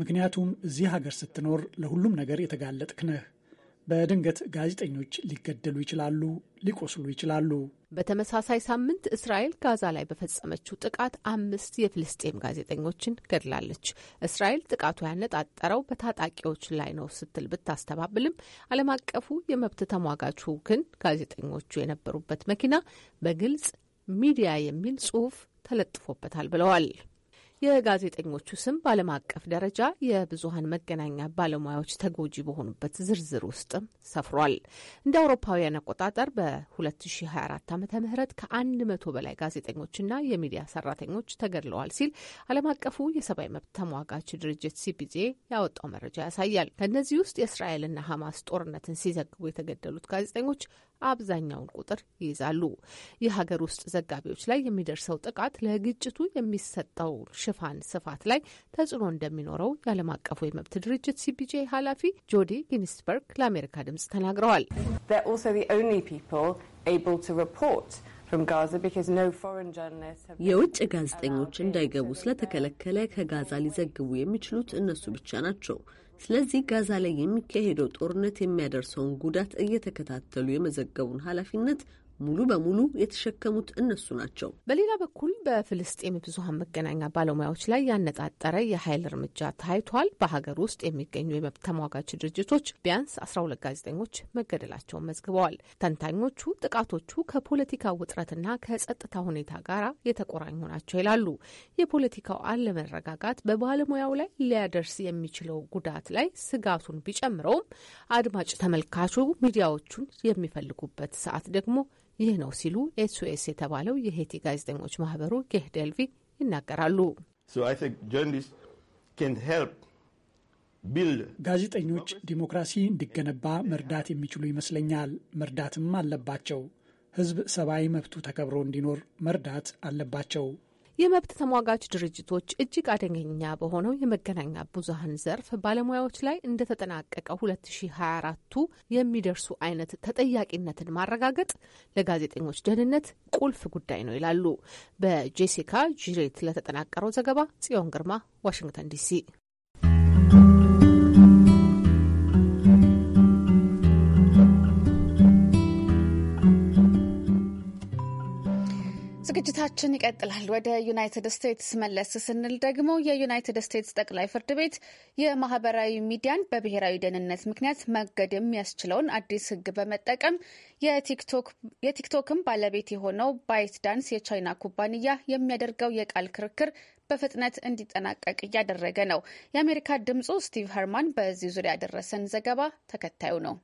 ምክንያቱም እዚህ ሀገር ስትኖር ለሁሉም ነገር የተጋለጥክ ነህ። በድንገት ጋዜጠኞች ሊገደሉ ይችላሉ፣ ሊቆስሉ ይችላሉ። በተመሳሳይ ሳምንት እስራኤል ጋዛ ላይ በፈጸመችው ጥቃት አምስት የፍልስጤም ጋዜጠኞችን ገድላለች። እስራኤል ጥቃቱ ያነጣጠረው በታጣቂዎች ላይ ነው ስትል ብታስተባብልም ዓለም አቀፉ የመብት ተሟጋቹ ግን ጋዜጠኞቹ የነበሩበት መኪና በግልጽ ሚዲያ የሚል ጽሑፍ ተለጥፎበታል ብለዋል። የጋዜጠኞቹ ስም በዓለም አቀፍ ደረጃ የብዙሀን መገናኛ ባለሙያዎች ተጎጂ በሆኑበት ዝርዝር ውስጥም ሰፍሯል። እንደ አውሮፓውያን አቆጣጠር በ2024 ዓ ም ከአንድ መቶ በላይ ጋዜጠኞችና የሚዲያ ሰራተኞች ተገድለዋል ሲል ዓለም አቀፉ የሰብአዊ መብት ተሟጋች ድርጅት ሲፒጄ ያወጣው መረጃ ያሳያል። ከእነዚህ ውስጥ የእስራኤልና ሐማስ ጦርነትን ሲዘግቡ የተገደሉት ጋዜጠኞች አብዛኛውን ቁጥር ይይዛሉ። የሀገር ውስጥ ዘጋቢዎች ላይ የሚደርሰው ጥቃት ለግጭቱ የሚሰጠው ሽፋን ስፋት ላይ ተጽዕኖ እንደሚኖረው የዓለም አቀፉ የመብት ድርጅት ሲፒጄ ኃላፊ ጆዲ ጊንስበርግ ለአሜሪካ ድምጽ ተናግረዋል። የውጭ ጋዜጠኞች እንዳይገቡ ስለተከለከለ ከጋዛ ሊዘግቡ የሚችሉት እነሱ ብቻ ናቸው። ስለዚህ ጋዛ ላይ የሚካሄደው ጦርነት የሚያደርሰውን ጉዳት እየተከታተሉ የመዘገቡን ኃላፊነት ሙሉ በሙሉ የተሸከሙት እነሱ ናቸው። በሌላ በኩል በፍልስጤም ብዙሀን መገናኛ ባለሙያዎች ላይ ያነጣጠረ የኃይል እርምጃ ታይቷል። በሀገር ውስጥ የሚገኙ የመብት ተሟጋች ድርጅቶች ቢያንስ 12 ጋዜጠኞች መገደላቸውን መዝግበዋል። ተንታኞቹ ጥቃቶቹ ከፖለቲካ ውጥረትና ከጸጥታ ሁኔታ ጋር የተቆራኙ ናቸው ይላሉ። የፖለቲካው አለመረጋጋት በባለሙያው ላይ ሊያደርስ የሚችለው ጉዳት ላይ ስጋቱን ቢጨምረውም አድማጭ ተመልካቹ ሚዲያዎቹን የሚፈልጉበት ሰዓት ደግሞ ይህ ነው ሲሉ ኤስኦኤስ የተባለው የሄቲ ጋዜጠኞች ማህበሩ ጌህደልቪ ይናገራሉ። ጋዜጠኞች ዲሞክራሲ እንዲገነባ መርዳት የሚችሉ ይመስለኛል። መርዳትም አለባቸው። ህዝብ ሰብአዊ መብቱ ተከብሮ እንዲኖር መርዳት አለባቸው። የመብት ተሟጋች ድርጅቶች እጅግ አደገኛ በሆነው የመገናኛ ብዙሀን ዘርፍ ባለሙያዎች ላይ እንደተጠናቀቀ 2024ቱ የሚደርሱ አይነት ተጠያቂነትን ማረጋገጥ ለጋዜጠኞች ደህንነት ቁልፍ ጉዳይ ነው ይላሉ። በጄሲካ ጂሬት ለተጠናቀረው ዘገባ ጽዮን ግርማ ዋሽንግተን ዲሲ ዝግጅታችን ይቀጥላል። ወደ ዩናይትድ ስቴትስ መለስ ስንል ደግሞ የዩናይትድ ስቴትስ ጠቅላይ ፍርድ ቤት የማህበራዊ ሚዲያን በብሔራዊ ደህንነት ምክንያት መገድ የሚያስችለውን አዲስ ሕግ በመጠቀም የቲክቶክም ባለቤት የሆነው ባይት ዳንስ የቻይና ኩባንያ የሚያደርገው የቃል ክርክር በፍጥነት እንዲጠናቀቅ እያደረገ ነው። የአሜሪካ ድምፁ ስቲቭ ሀርማን በዚህ ዙሪያ ያደረሰን ዘገባ ተከታዩ ነው።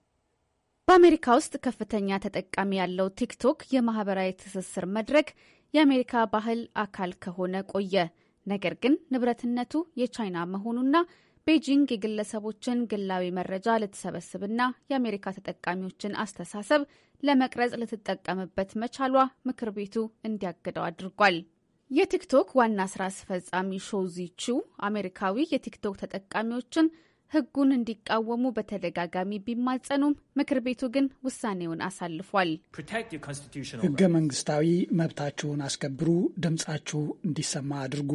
በአሜሪካ ውስጥ ከፍተኛ ተጠቃሚ ያለው ቲክቶክ የማህበራዊ ትስስር መድረክ የአሜሪካ ባህል አካል ከሆነ ቆየ። ነገር ግን ንብረትነቱ የቻይና መሆኑና ቤጂንግ የግለሰቦችን ግላዊ መረጃ ልትሰበስብና የአሜሪካ ተጠቃሚዎችን አስተሳሰብ ለመቅረጽ ልትጠቀምበት መቻሏ ምክር ቤቱ እንዲያግደው አድርጓል። የቲክቶክ ዋና ስራ አስፈጻሚ ሾዚ ቹ አሜሪካዊ የቲክቶክ ተጠቃሚዎችን ሕጉን እንዲቃወሙ በተደጋጋሚ ቢማጸኑም ምክር ቤቱ ግን ውሳኔውን አሳልፏል። ህገ መንግስታዊ መብታችሁን አስከብሩ፣ ድምጻችሁ እንዲሰማ አድርጉ።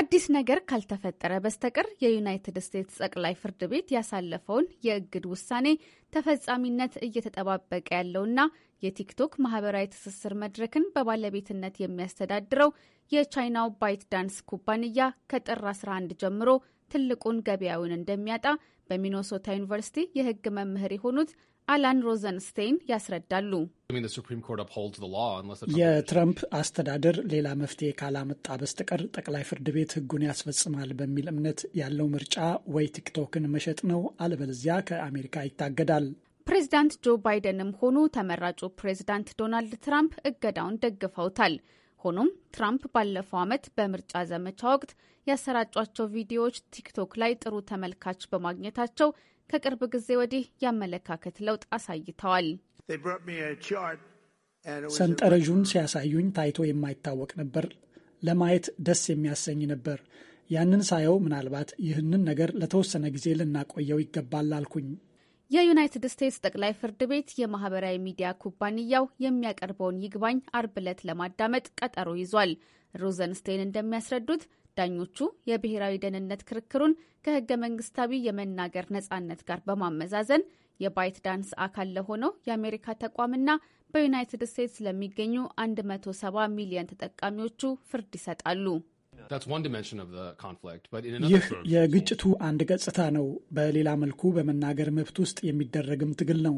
አዲስ ነገር ካልተፈጠረ በስተቀር የዩናይትድ ስቴትስ ጠቅላይ ፍርድ ቤት ያሳለፈውን የእግድ ውሳኔ ተፈጻሚነት እየተጠባበቀ ያለውና የቲክቶክ ማህበራዊ ትስስር መድረክን በባለቤትነት የሚያስተዳድረው የቻይናው ባይት ዳንስ ኩባንያ ከጥር 11 ጀምሮ ትልቁን ገበያውን እንደሚያጣ በሚኖሶታ ዩኒቨርሲቲ የሕግ መምህር የሆኑት አላን ሮዘንስቴይን ያስረዳሉ። የትረምፕ አስተዳደር ሌላ መፍትሄ ካላመጣ በስተቀር ጠቅላይ ፍርድ ቤት ህጉን ያስፈጽማል በሚል እምነት ያለው ምርጫ ወይ ቲክቶክን መሸጥ ነው፣ አለበለዚያ ከአሜሪካ ይታገዳል። ፕሬዚዳንት ጆ ባይደንም ሆኑ ተመራጩ ፕሬዚዳንት ዶናልድ ትራምፕ እገዳውን ደግፈውታል። ሆኖም ትራምፕ ባለፈው ዓመት በምርጫ ዘመቻ ወቅት ያሰራጯቸው ቪዲዮዎች ቲክቶክ ላይ ጥሩ ተመልካች በማግኘታቸው ከቅርብ ጊዜ ወዲህ የአመለካከት ለውጥ አሳይተዋል። ሰንጠረዡን ሲያሳዩኝ ታይቶ የማይታወቅ ነበር። ለማየት ደስ የሚያሰኝ ነበር። ያንን ሳየው ምናልባት ይህንን ነገር ለተወሰነ ጊዜ ልናቆየው ይገባል አልኩኝ። የዩናይትድ ስቴትስ ጠቅላይ ፍርድ ቤት የማህበራዊ ሚዲያ ኩባንያው የሚያቀርበውን ይግባኝ አርብ ዕለት ለማዳመጥ ቀጠሮ ይዟል። ሮዘንስቴን እንደሚያስረዱት ዳኞቹ የብሔራዊ ደህንነት ክርክሩን ከህገ መንግስታዊ የመናገር ነጻነት ጋር በማመዛዘን የባይት ዳንስ አካል ለሆነው የአሜሪካ ተቋምና በዩናይትድ ስቴትስ ለሚገኙ 170 ሚሊዮን ተጠቃሚዎቹ ፍርድ ይሰጣሉ። ይህ የግጭቱ አንድ ገጽታ ነው። በሌላ መልኩ በመናገር መብት ውስጥ የሚደረግም ትግል ነው።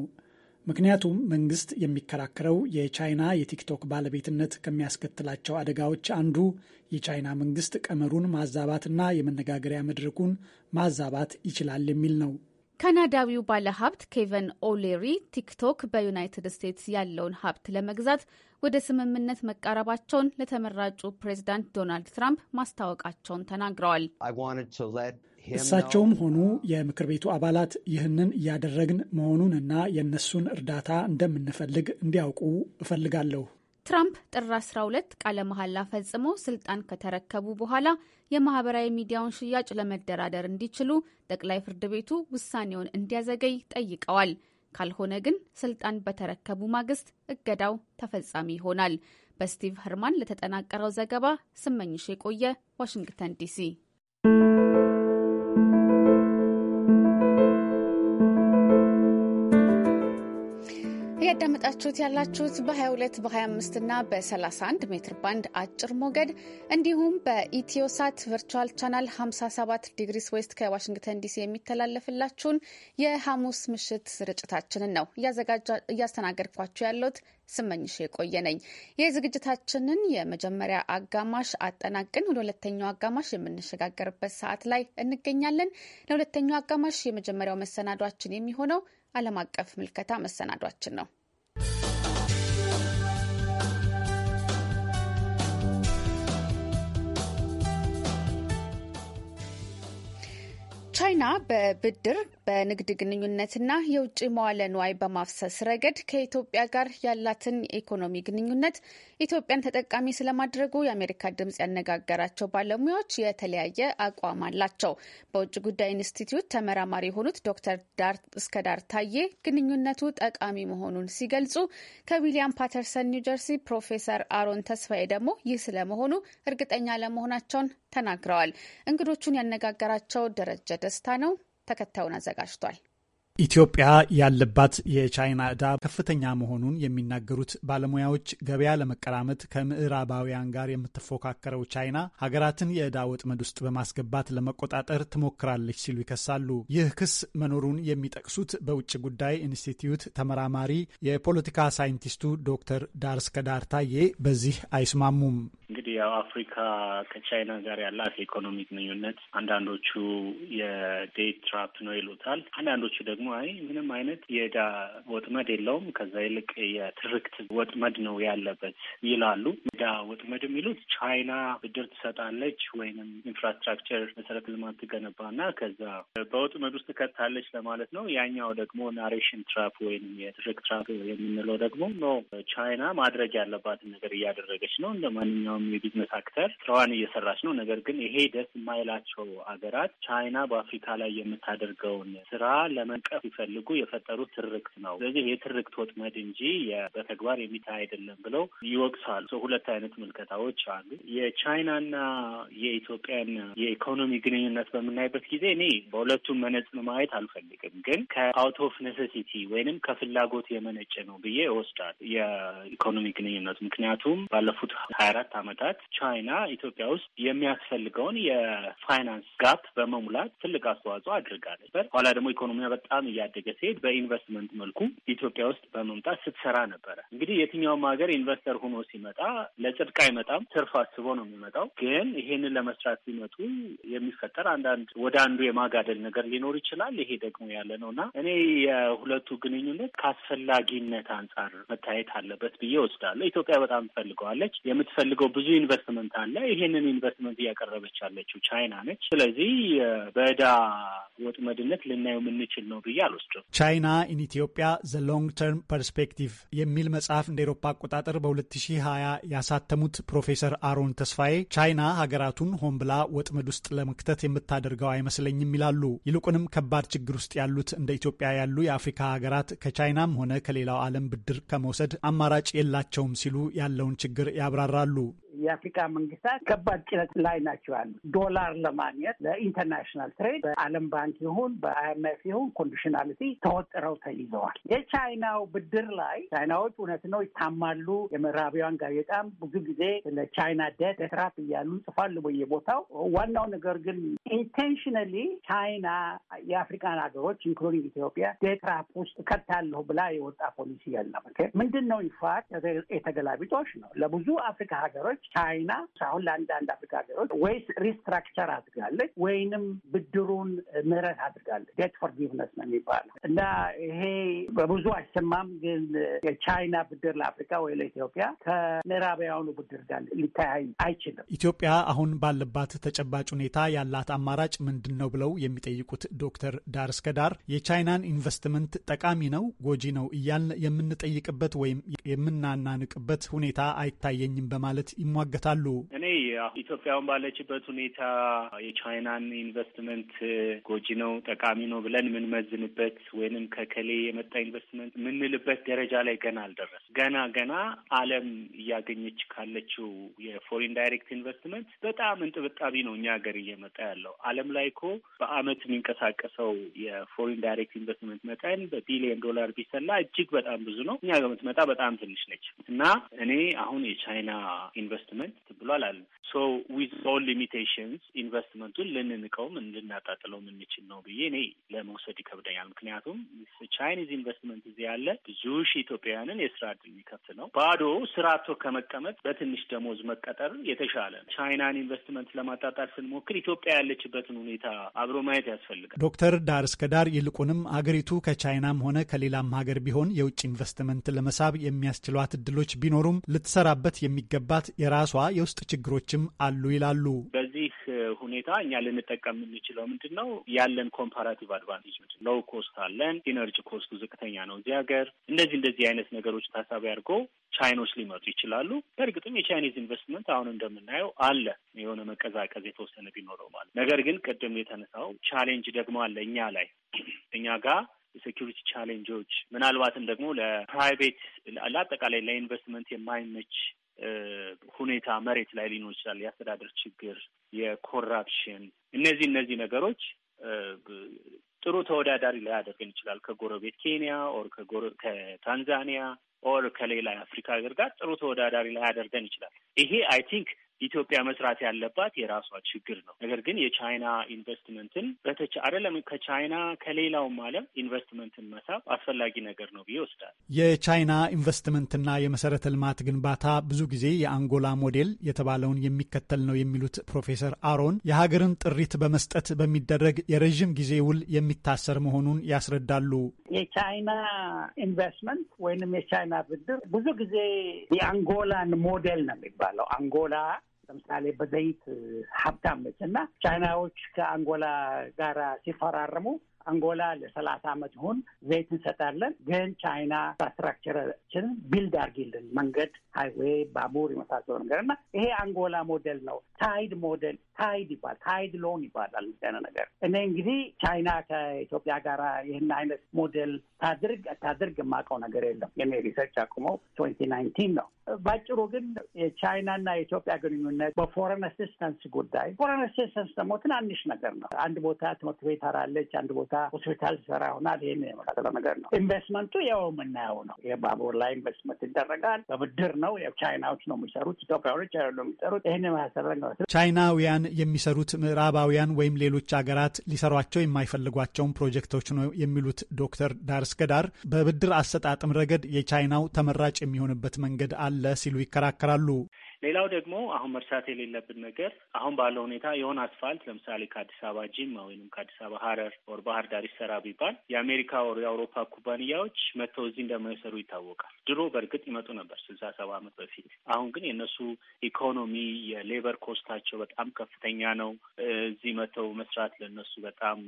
ምክንያቱም መንግስት የሚከራከረው የቻይና የቲክቶክ ባለቤትነት ከሚያስከትላቸው አደጋዎች አንዱ የቻይና መንግስት ቀመሩን ማዛባትና የመነጋገሪያ መድረኩን ማዛባት ይችላል የሚል ነው። ካናዳዊው ባለሀብት ኬቨን ኦሌሪ ቲክቶክ በዩናይትድ ስቴትስ ያለውን ሀብት ለመግዛት ወደ ስምምነት መቃረባቸውን ለተመራጩ ፕሬዚዳንት ዶናልድ ትራምፕ ማስታወቃቸውን ተናግረዋል። እሳቸውም ሆኑ የምክር ቤቱ አባላት ይህንን እያደረግን መሆኑንና የእነሱን እርዳታ እንደምንፈልግ እንዲያውቁ እፈልጋለሁ። ትራምፕ ጥር 12 ቃለ መሐላ ፈጽሞ ስልጣን ከተረከቡ በኋላ የማህበራዊ ሚዲያውን ሽያጭ ለመደራደር እንዲችሉ ጠቅላይ ፍርድ ቤቱ ውሳኔውን እንዲያዘገይ ጠይቀዋል። ካልሆነ ግን ስልጣን በተረከቡ ማግስት እገዳው ተፈጻሚ ይሆናል። በስቲቭ ህርማን ለተጠናቀረው ዘገባ ስመኝሽ የቆየ ዋሽንግተን ዲሲ። እያዳመጣችሁት ያላችሁት በ22 በ25 እና በ31 ሜትር ባንድ አጭር ሞገድ እንዲሁም በኢትዮሳት ቨርቹዋል ቻናል 57 ዲግሪስ ዌስት ከዋሽንግተን ዲሲ የሚተላለፍላችሁን የሐሙስ ምሽት ስርጭታችንን ነው እያስተናገድኳችሁ ያለሁት። ስመኝሽ የቆየ ነኝ። የዝግጅታችንን የመጀመሪያ አጋማሽ አጠናቅን ወደ ሁለተኛው አጋማሽ የምንሸጋገርበት ሰዓት ላይ እንገኛለን። ለሁለተኛው አጋማሽ የመጀመሪያው መሰናዷችን የሚሆነው ዓለም አቀፍ ምልከታ መሰናዷችን ነው። ቻይና በብድር በንግድ ግንኙነትና የውጭ መዋለ ንዋይ በማፍሰስ ረገድ ከኢትዮጵያ ጋር ያላትን የኢኮኖሚ ግንኙነት ኢትዮጵያን ተጠቃሚ ስለማድረጉ የአሜሪካ ድምጽ ያነጋገራቸው ባለሙያዎች የተለያየ አቋም አላቸው። በውጭ ጉዳይ ኢንስቲትዩት ተመራማሪ የሆኑት ዶክተር እስከዳር ታዬ ግንኙነቱ ጠቃሚ መሆኑን ሲገልጹ፣ ከዊሊያም ፓተርሰን ኒውጀርሲ ፕሮፌሰር አሮን ተስፋዬ ደግሞ ይህ ስለመሆኑ እርግጠኛ ለመሆናቸውን ተናግረዋል። እንግዶቹን ያነጋገራቸው ደረጀ ደስታ ነው። ተከታዩን አዘጋጅቷል። ኢትዮጵያ ያለባት የቻይና ዕዳ ከፍተኛ መሆኑን የሚናገሩት ባለሙያዎች ገበያ ለመቀራመት ከምዕራባውያን ጋር የምትፎካከረው ቻይና ሀገራትን የዕዳ ወጥመድ ውስጥ በማስገባት ለመቆጣጠር ትሞክራለች ሲሉ ይከሳሉ። ይህ ክስ መኖሩን የሚጠቅሱት በውጭ ጉዳይ ኢንስቲትዩት ተመራማሪ የፖለቲካ ሳይንቲስቱ ዶክተር ዳርስ ከዳር ታዬ በዚህ አይስማሙም። እንግዲህ ያው አፍሪካ ከቻይና ጋር ያላት የኢኮኖሚ ግንኙነት አንዳንዶቹ የዴት ትራፕ ነው ይሉታል፣ አንዳንዶቹ ደግሞ አይ ምንም አይነት የዕዳ ወጥመድ የለውም፣ ከዛ ይልቅ የትርክት ወጥመድ ነው ያለበት ይላሉ። ዕዳ ወጥመድ የሚሉት ቻይና ብድር ትሰጣለች ወይንም ኢንፍራስትራክቸር መሰረተ ልማት ትገነባና ከዛ በወጥመድ ውስጥ ትከታለች ለማለት ነው። ያኛው ደግሞ ናሬሽን ትራፕ ወይም የትርክ ትራፕ የምንለው ደግሞ ነው ቻይና ማድረግ ያለባትን ነገር እያደረገች ነው። እንደ ማንኛውም የቢዝነስ አክተር ስራዋን እየሰራች ነው። ነገር ግን ይሄ ደስ የማይላቸው አገራት ቻይና በአፍሪካ ላይ የምታደርገውን ስራ ለመንቀ ለመቅረፍ ሲፈልጉ የፈጠሩት ትርክት ነው። ስለዚህ የትርክት ወጥመድ እንጂ በተግባር የሚታይ አይደለም ብለው ይወቅሳሉ። ሁለት አይነት ምልከታዎች አሉ። የቻይናና የኢትዮጵያን የኢኮኖሚ ግንኙነት በምናይበት ጊዜ እኔ በሁለቱም መነጽር ማየት አልፈልግም፣ ግን ከአውት ኦፍ ኔሴሲቲ ወይንም ከፍላጎት የመነጨ ነው ብዬ እወስዳለሁ የኢኮኖሚ ግንኙነት ምክንያቱም ባለፉት ሀያ አራት ዓመታት ቻይና ኢትዮጵያ ውስጥ የሚያስፈልገውን የፋይናንስ ጋፕ በመሙላት ትልቅ አስተዋጽኦ አድርጋለች። በኋላ ደግሞ ኢኮኖሚ በጣም በጣም እያደገ ሲሄድ በኢንቨስትመንት መልኩ ኢትዮጵያ ውስጥ በመምጣት ስትሰራ ነበረ። እንግዲህ የትኛውም ሀገር ኢንቨስተር ሆኖ ሲመጣ ለጽድቅ አይመጣም፣ ትርፍ አስቦ ነው የሚመጣው። ግን ይሄንን ለመስራት ሲመጡ የሚፈጠር አንዳንድ ወደ አንዱ የማጋደል ነገር ሊኖር ይችላል። ይሄ ደግሞ ያለ ነው እና እኔ የሁለቱ ግንኙነት ከአስፈላጊነት አንጻር መታየት አለበት ብዬ ወስዳለሁ። ኢትዮጵያ በጣም ትፈልገዋለች። የምትፈልገው ብዙ ኢንቨስትመንት አለ። ይሄንን ኢንቨስትመንት እያቀረበች ያለችው ቻይና ነች። ስለዚህ በዕዳ ወጥመድነት ልናየው የምንችል ነው ብዬ ብዬ አልወስድም። ቻይና ኢን ኢትዮጵያ ዘ ሎንግ ተርም ፐርስፔክቲቭ የሚል መጽሐፍ እንደ ኤሮፓ አቆጣጠር በ2020 ያሳተሙት ፕሮፌሰር አሮን ተስፋዬ ቻይና ሀገራቱን ሆን ብላ ወጥመድ ውስጥ ለመክተት የምታደርገው አይመስለኝም ይላሉ። ይልቁንም ከባድ ችግር ውስጥ ያሉት እንደ ኢትዮጵያ ያሉ የአፍሪካ ሀገራት ከቻይናም ሆነ ከሌላው ዓለም ብድር ከመውሰድ አማራጭ የላቸውም ሲሉ ያለውን ችግር ያብራራሉ። የአፍሪካ መንግስታት ከባድ ጭነት ላይ ናቸው ያሉ ዶላር ለማግኘት ለኢንተርናሽናል ትሬድ በአለም ባንክ ይሁን በአይኤምኤፍ ይሁን ኮንዲሽናሊቲ ተወጥረው ተይዘዋል። የቻይናው ብድር ላይ ቻይናዎች እውነት ነው ይታማሉ። የምዕራቢያን ጋዜጣም ብዙ ጊዜ ለቻይና ደት ትራፕ እያሉ ጽፋሉ በየቦታው። ዋናው ነገር ግን ኢንቴንሽናሊ ቻይና የአፍሪካን ሀገሮች ኢንክሉዲንግ ኢትዮጵያ ደትራፕ ውስጥ ከታለሁ ብላ የወጣ ፖሊሲ የለም። ምንድን ነው ኢንፋክት የተገላቢጦች ነው ለብዙ አፍሪካ ሀገሮች ቻይና አሁን ለአንዳንድ አፍሪካ ሀገሮች ወይስ ሪስትራክቸር አድርጋለች ወይንም ብድሩን ምህረት አድርጋለች። ዴት ፎርጊቭነስ ነው የሚባለው እና ይሄ በብዙ አይሰማም፣ ግን የቻይና ብድር ለአፍሪካ ወይ ለኢትዮጵያ ከምዕራባውያኑ ብድር ጋር ሊተያይ አይችልም። ኢትዮጵያ አሁን ባለባት ተጨባጭ ሁኔታ ያላት አማራጭ ምንድን ነው ብለው የሚጠይቁት ዶክተር ዳር እስከ ዳር የቻይናን ኢንቨስትመንት ጠቃሚ ነው ጎጂ ነው እያልን የምንጠይቅበት ወይም የምናናንቅበት ሁኔታ አይታየኝም በማለት ይመ ይሟገታሉ። እኔ ኢትዮጵያን ባለችበት ሁኔታ የቻይናን ኢንቨስትመንት ጎጂ ነው፣ ጠቃሚ ነው ብለን የምንመዝንበት ወይንም ከከሌ የመጣ ኢንቨስትመንት የምንልበት ደረጃ ላይ ገና አልደረስ ገና ገና ዓለም እያገኘች ካለችው የፎሪን ዳይሬክት ኢንቨስትመንት በጣም እንጥብጣቢ ነው እኛ ሀገር እየመጣ ያለው። ዓለም ላይ እኮ በአመት የሚንቀሳቀሰው የፎሪን ዳይሬክት ኢንቨስትመንት መጠን በቢሊዮን ዶላር ቢሰላ እጅግ በጣም ብዙ ነው። እኛ ጋር የምትመጣ በጣም ትንሽ ነች እና እኔ አሁን የቻይና ኢንቨስት ኢንቨስትመንት ብሏል አለ ሶ ዊዝ ኦል ሊሚቴሽንስ ኢንቨስትመንቱን ልንንቀውም ልናጣጥለውም የምንችል ነው ብዬ እኔ ለመውሰድ ይከብደኛል። ምክንያቱም ቻይኒዝ ኢንቨስትመንት እዚህ ያለ ብዙ ሺህ ኢትዮጵያውያንን የስራ እድል የሚከፍት ነው። ባዶ ስራ አቶ ከመቀመጥ በትንሽ ደሞዝ መቀጠር የተሻለ ነው። ቻይናን ኢንቨስትመንት ለማጣጣል ስንሞክር ኢትዮጵያ ያለችበትን ሁኔታ አብሮ ማየት ያስፈልጋል። ዶክተር ዳር እስከ ዳር ይልቁንም አገሪቱ ከቻይናም ሆነ ከሌላም ሀገር ቢሆን የውጭ ኢንቨስትመንት ለመሳብ የሚያስችሏት እድሎች ቢኖሩም ልትሰራበት የሚገባት የራ የራሷ የውስጥ ችግሮችም አሉ ይላሉ። በዚህ ሁኔታ እኛ ልንጠቀም የምንችለው ምንድን ነው? ያለን ኮምፓራቲቭ አድቫንቴጅ ምንድን ሎው ኮስት አለን፣ ኢነርጂ ኮስቱ ዝቅተኛ ነው እዚህ ሀገር። እንደዚህ እንደዚህ አይነት ነገሮች ታሳቢ አድርጎ ቻይኖች ሊመጡ ይችላሉ። በእርግጥም የቻይኒዝ ኢንቨስትመንት አሁን እንደምናየው አለ የሆነ መቀዛቀዝ የተወሰነ ቢኖረው ማለት ነገር ግን ቅድም የተነሳው ቻሌንጅ ደግሞ አለ እኛ ላይ እኛ ጋር የሴኪሪቲ ቻሌንጆች ምናልባትም ደግሞ ለፕራይቬት ለአጠቃላይ ለኢንቨስትመንት የማይመች ሁኔታ መሬት ላይ ሊኖር ይችላል። የአስተዳደር ችግር፣ የኮራፕሽን እነዚህ እነዚህ ነገሮች ጥሩ ተወዳዳሪ ላያደርገን ይችላል ከጎረቤት ኬንያ ኦር ከታንዛኒያ ኦር ከሌላ የአፍሪካ ሀገር ጋር ጥሩ ተወዳዳሪ ላያደርገን ይችላል። ይሄ አይ ቲንክ ኢትዮጵያ መስራት ያለባት የራሷ ችግር ነው። ነገር ግን የቻይና ኢንቨስትመንትን በተቻ አይደለም ከቻይና ከሌላውም ዓለም ኢንቨስትመንትን መሳብ አስፈላጊ ነገር ነው ብዬ ወስዳል። የቻይና ኢንቨስትመንትና የመሰረተ ልማት ግንባታ ብዙ ጊዜ የአንጎላ ሞዴል የተባለውን የሚከተል ነው የሚሉት ፕሮፌሰር አሮን የሀገርን ጥሪት በመስጠት በሚደረግ የረዥም ጊዜ ውል የሚታሰር መሆኑን ያስረዳሉ። የቻይና ኢንቨስትመንት ወይንም የቻይና ብድር ብዙ ጊዜ የአንጎላን ሞዴል ነው የሚባለው አንጎላ ለምሳሌ በዘይት ሀብታም ነች እና ቻይናዎች ከአንጎላ ጋራ ሲፈራረሙ አንጎላ ለሰላሳ ዓመት ይሁን ዘይት እንሰጣለን፣ ግን ቻይና ኢንፍራስትራክቸርችን ቢልድ አርጊልን መንገድ፣ ሃይዌይ፣ ባቡር የመሳሰሉ ነገር እና ይሄ አንጎላ ሞዴል ነው። ታይድ ሞዴል ታይድ ይባል ታይድ ሎን ይባላል ነ ነገር እኔ እንግዲህ ቻይና ከኢትዮጵያ ጋር ይህን አይነት ሞዴል ታድርግ ታድርግ የማውቀው ነገር የለም። የኔ ሪሰርች አቁመው ትዌንቲ ናይንቲን ነው። ባጭሩ ግን የቻይናና የኢትዮጵያ ግንኙነት በፎረን አሲስተንስ ጉዳይ፣ ፎረን አሲስተንስ ደግሞ ትናንሽ ነገር ነው። አንድ ቦታ ትምህርት ቤት አራለች፣ አንድ ቦታ ሆስፒታል ሰራ ይሆናል። ይህን የመሳሰለ ነገር ነው። ኢንቨስትመንቱ ያው የምናየው ነው። የባቡር ላይ ኢንቨስትመንት ይደረጋል። በብድር ነው። ቻይናዎች ነው የሚሰሩት፣ ኢትዮጵያኖች ነው የሚሰሩት። ይህን የመሳሰለ ነገር ቻይናውያን በጀርመን የሚሰሩት ምዕራባውያን ወይም ሌሎች አገራት ሊሰሯቸው የማይፈልጓቸውን ፕሮጀክቶች ነው የሚሉት ዶክተር ገዳር በብድር አሰጣጥም ረገድ የቻይናው ተመራጭ የሚሆንበት መንገድ አለ ሲሉ ይከራከራሉ። ሌላው ደግሞ አሁን መርሳት የሌለብን ነገር አሁን ባለው ሁኔታ የሆነ አስፋልት ለምሳሌ ከአዲስ አበባ ጂማ ወይም ከአዲስ አበባ ሀረር ወር ባህር ዳር ይሰራ ቢባል የአሜሪካ ወር የአውሮፓ ኩባንያዎች መጥተው እዚህ እንደማይሰሩ ይታወቃል። ድሮ በእርግጥ ይመጡ ነበር ስልሳ ሰባ አመት በፊት። አሁን ግን የእነሱ ኢኮኖሚ የሌበር ኮስታቸው በጣም ከፍተኛ ነው። እዚህ መጥተው መስራት ለእነሱ በጣም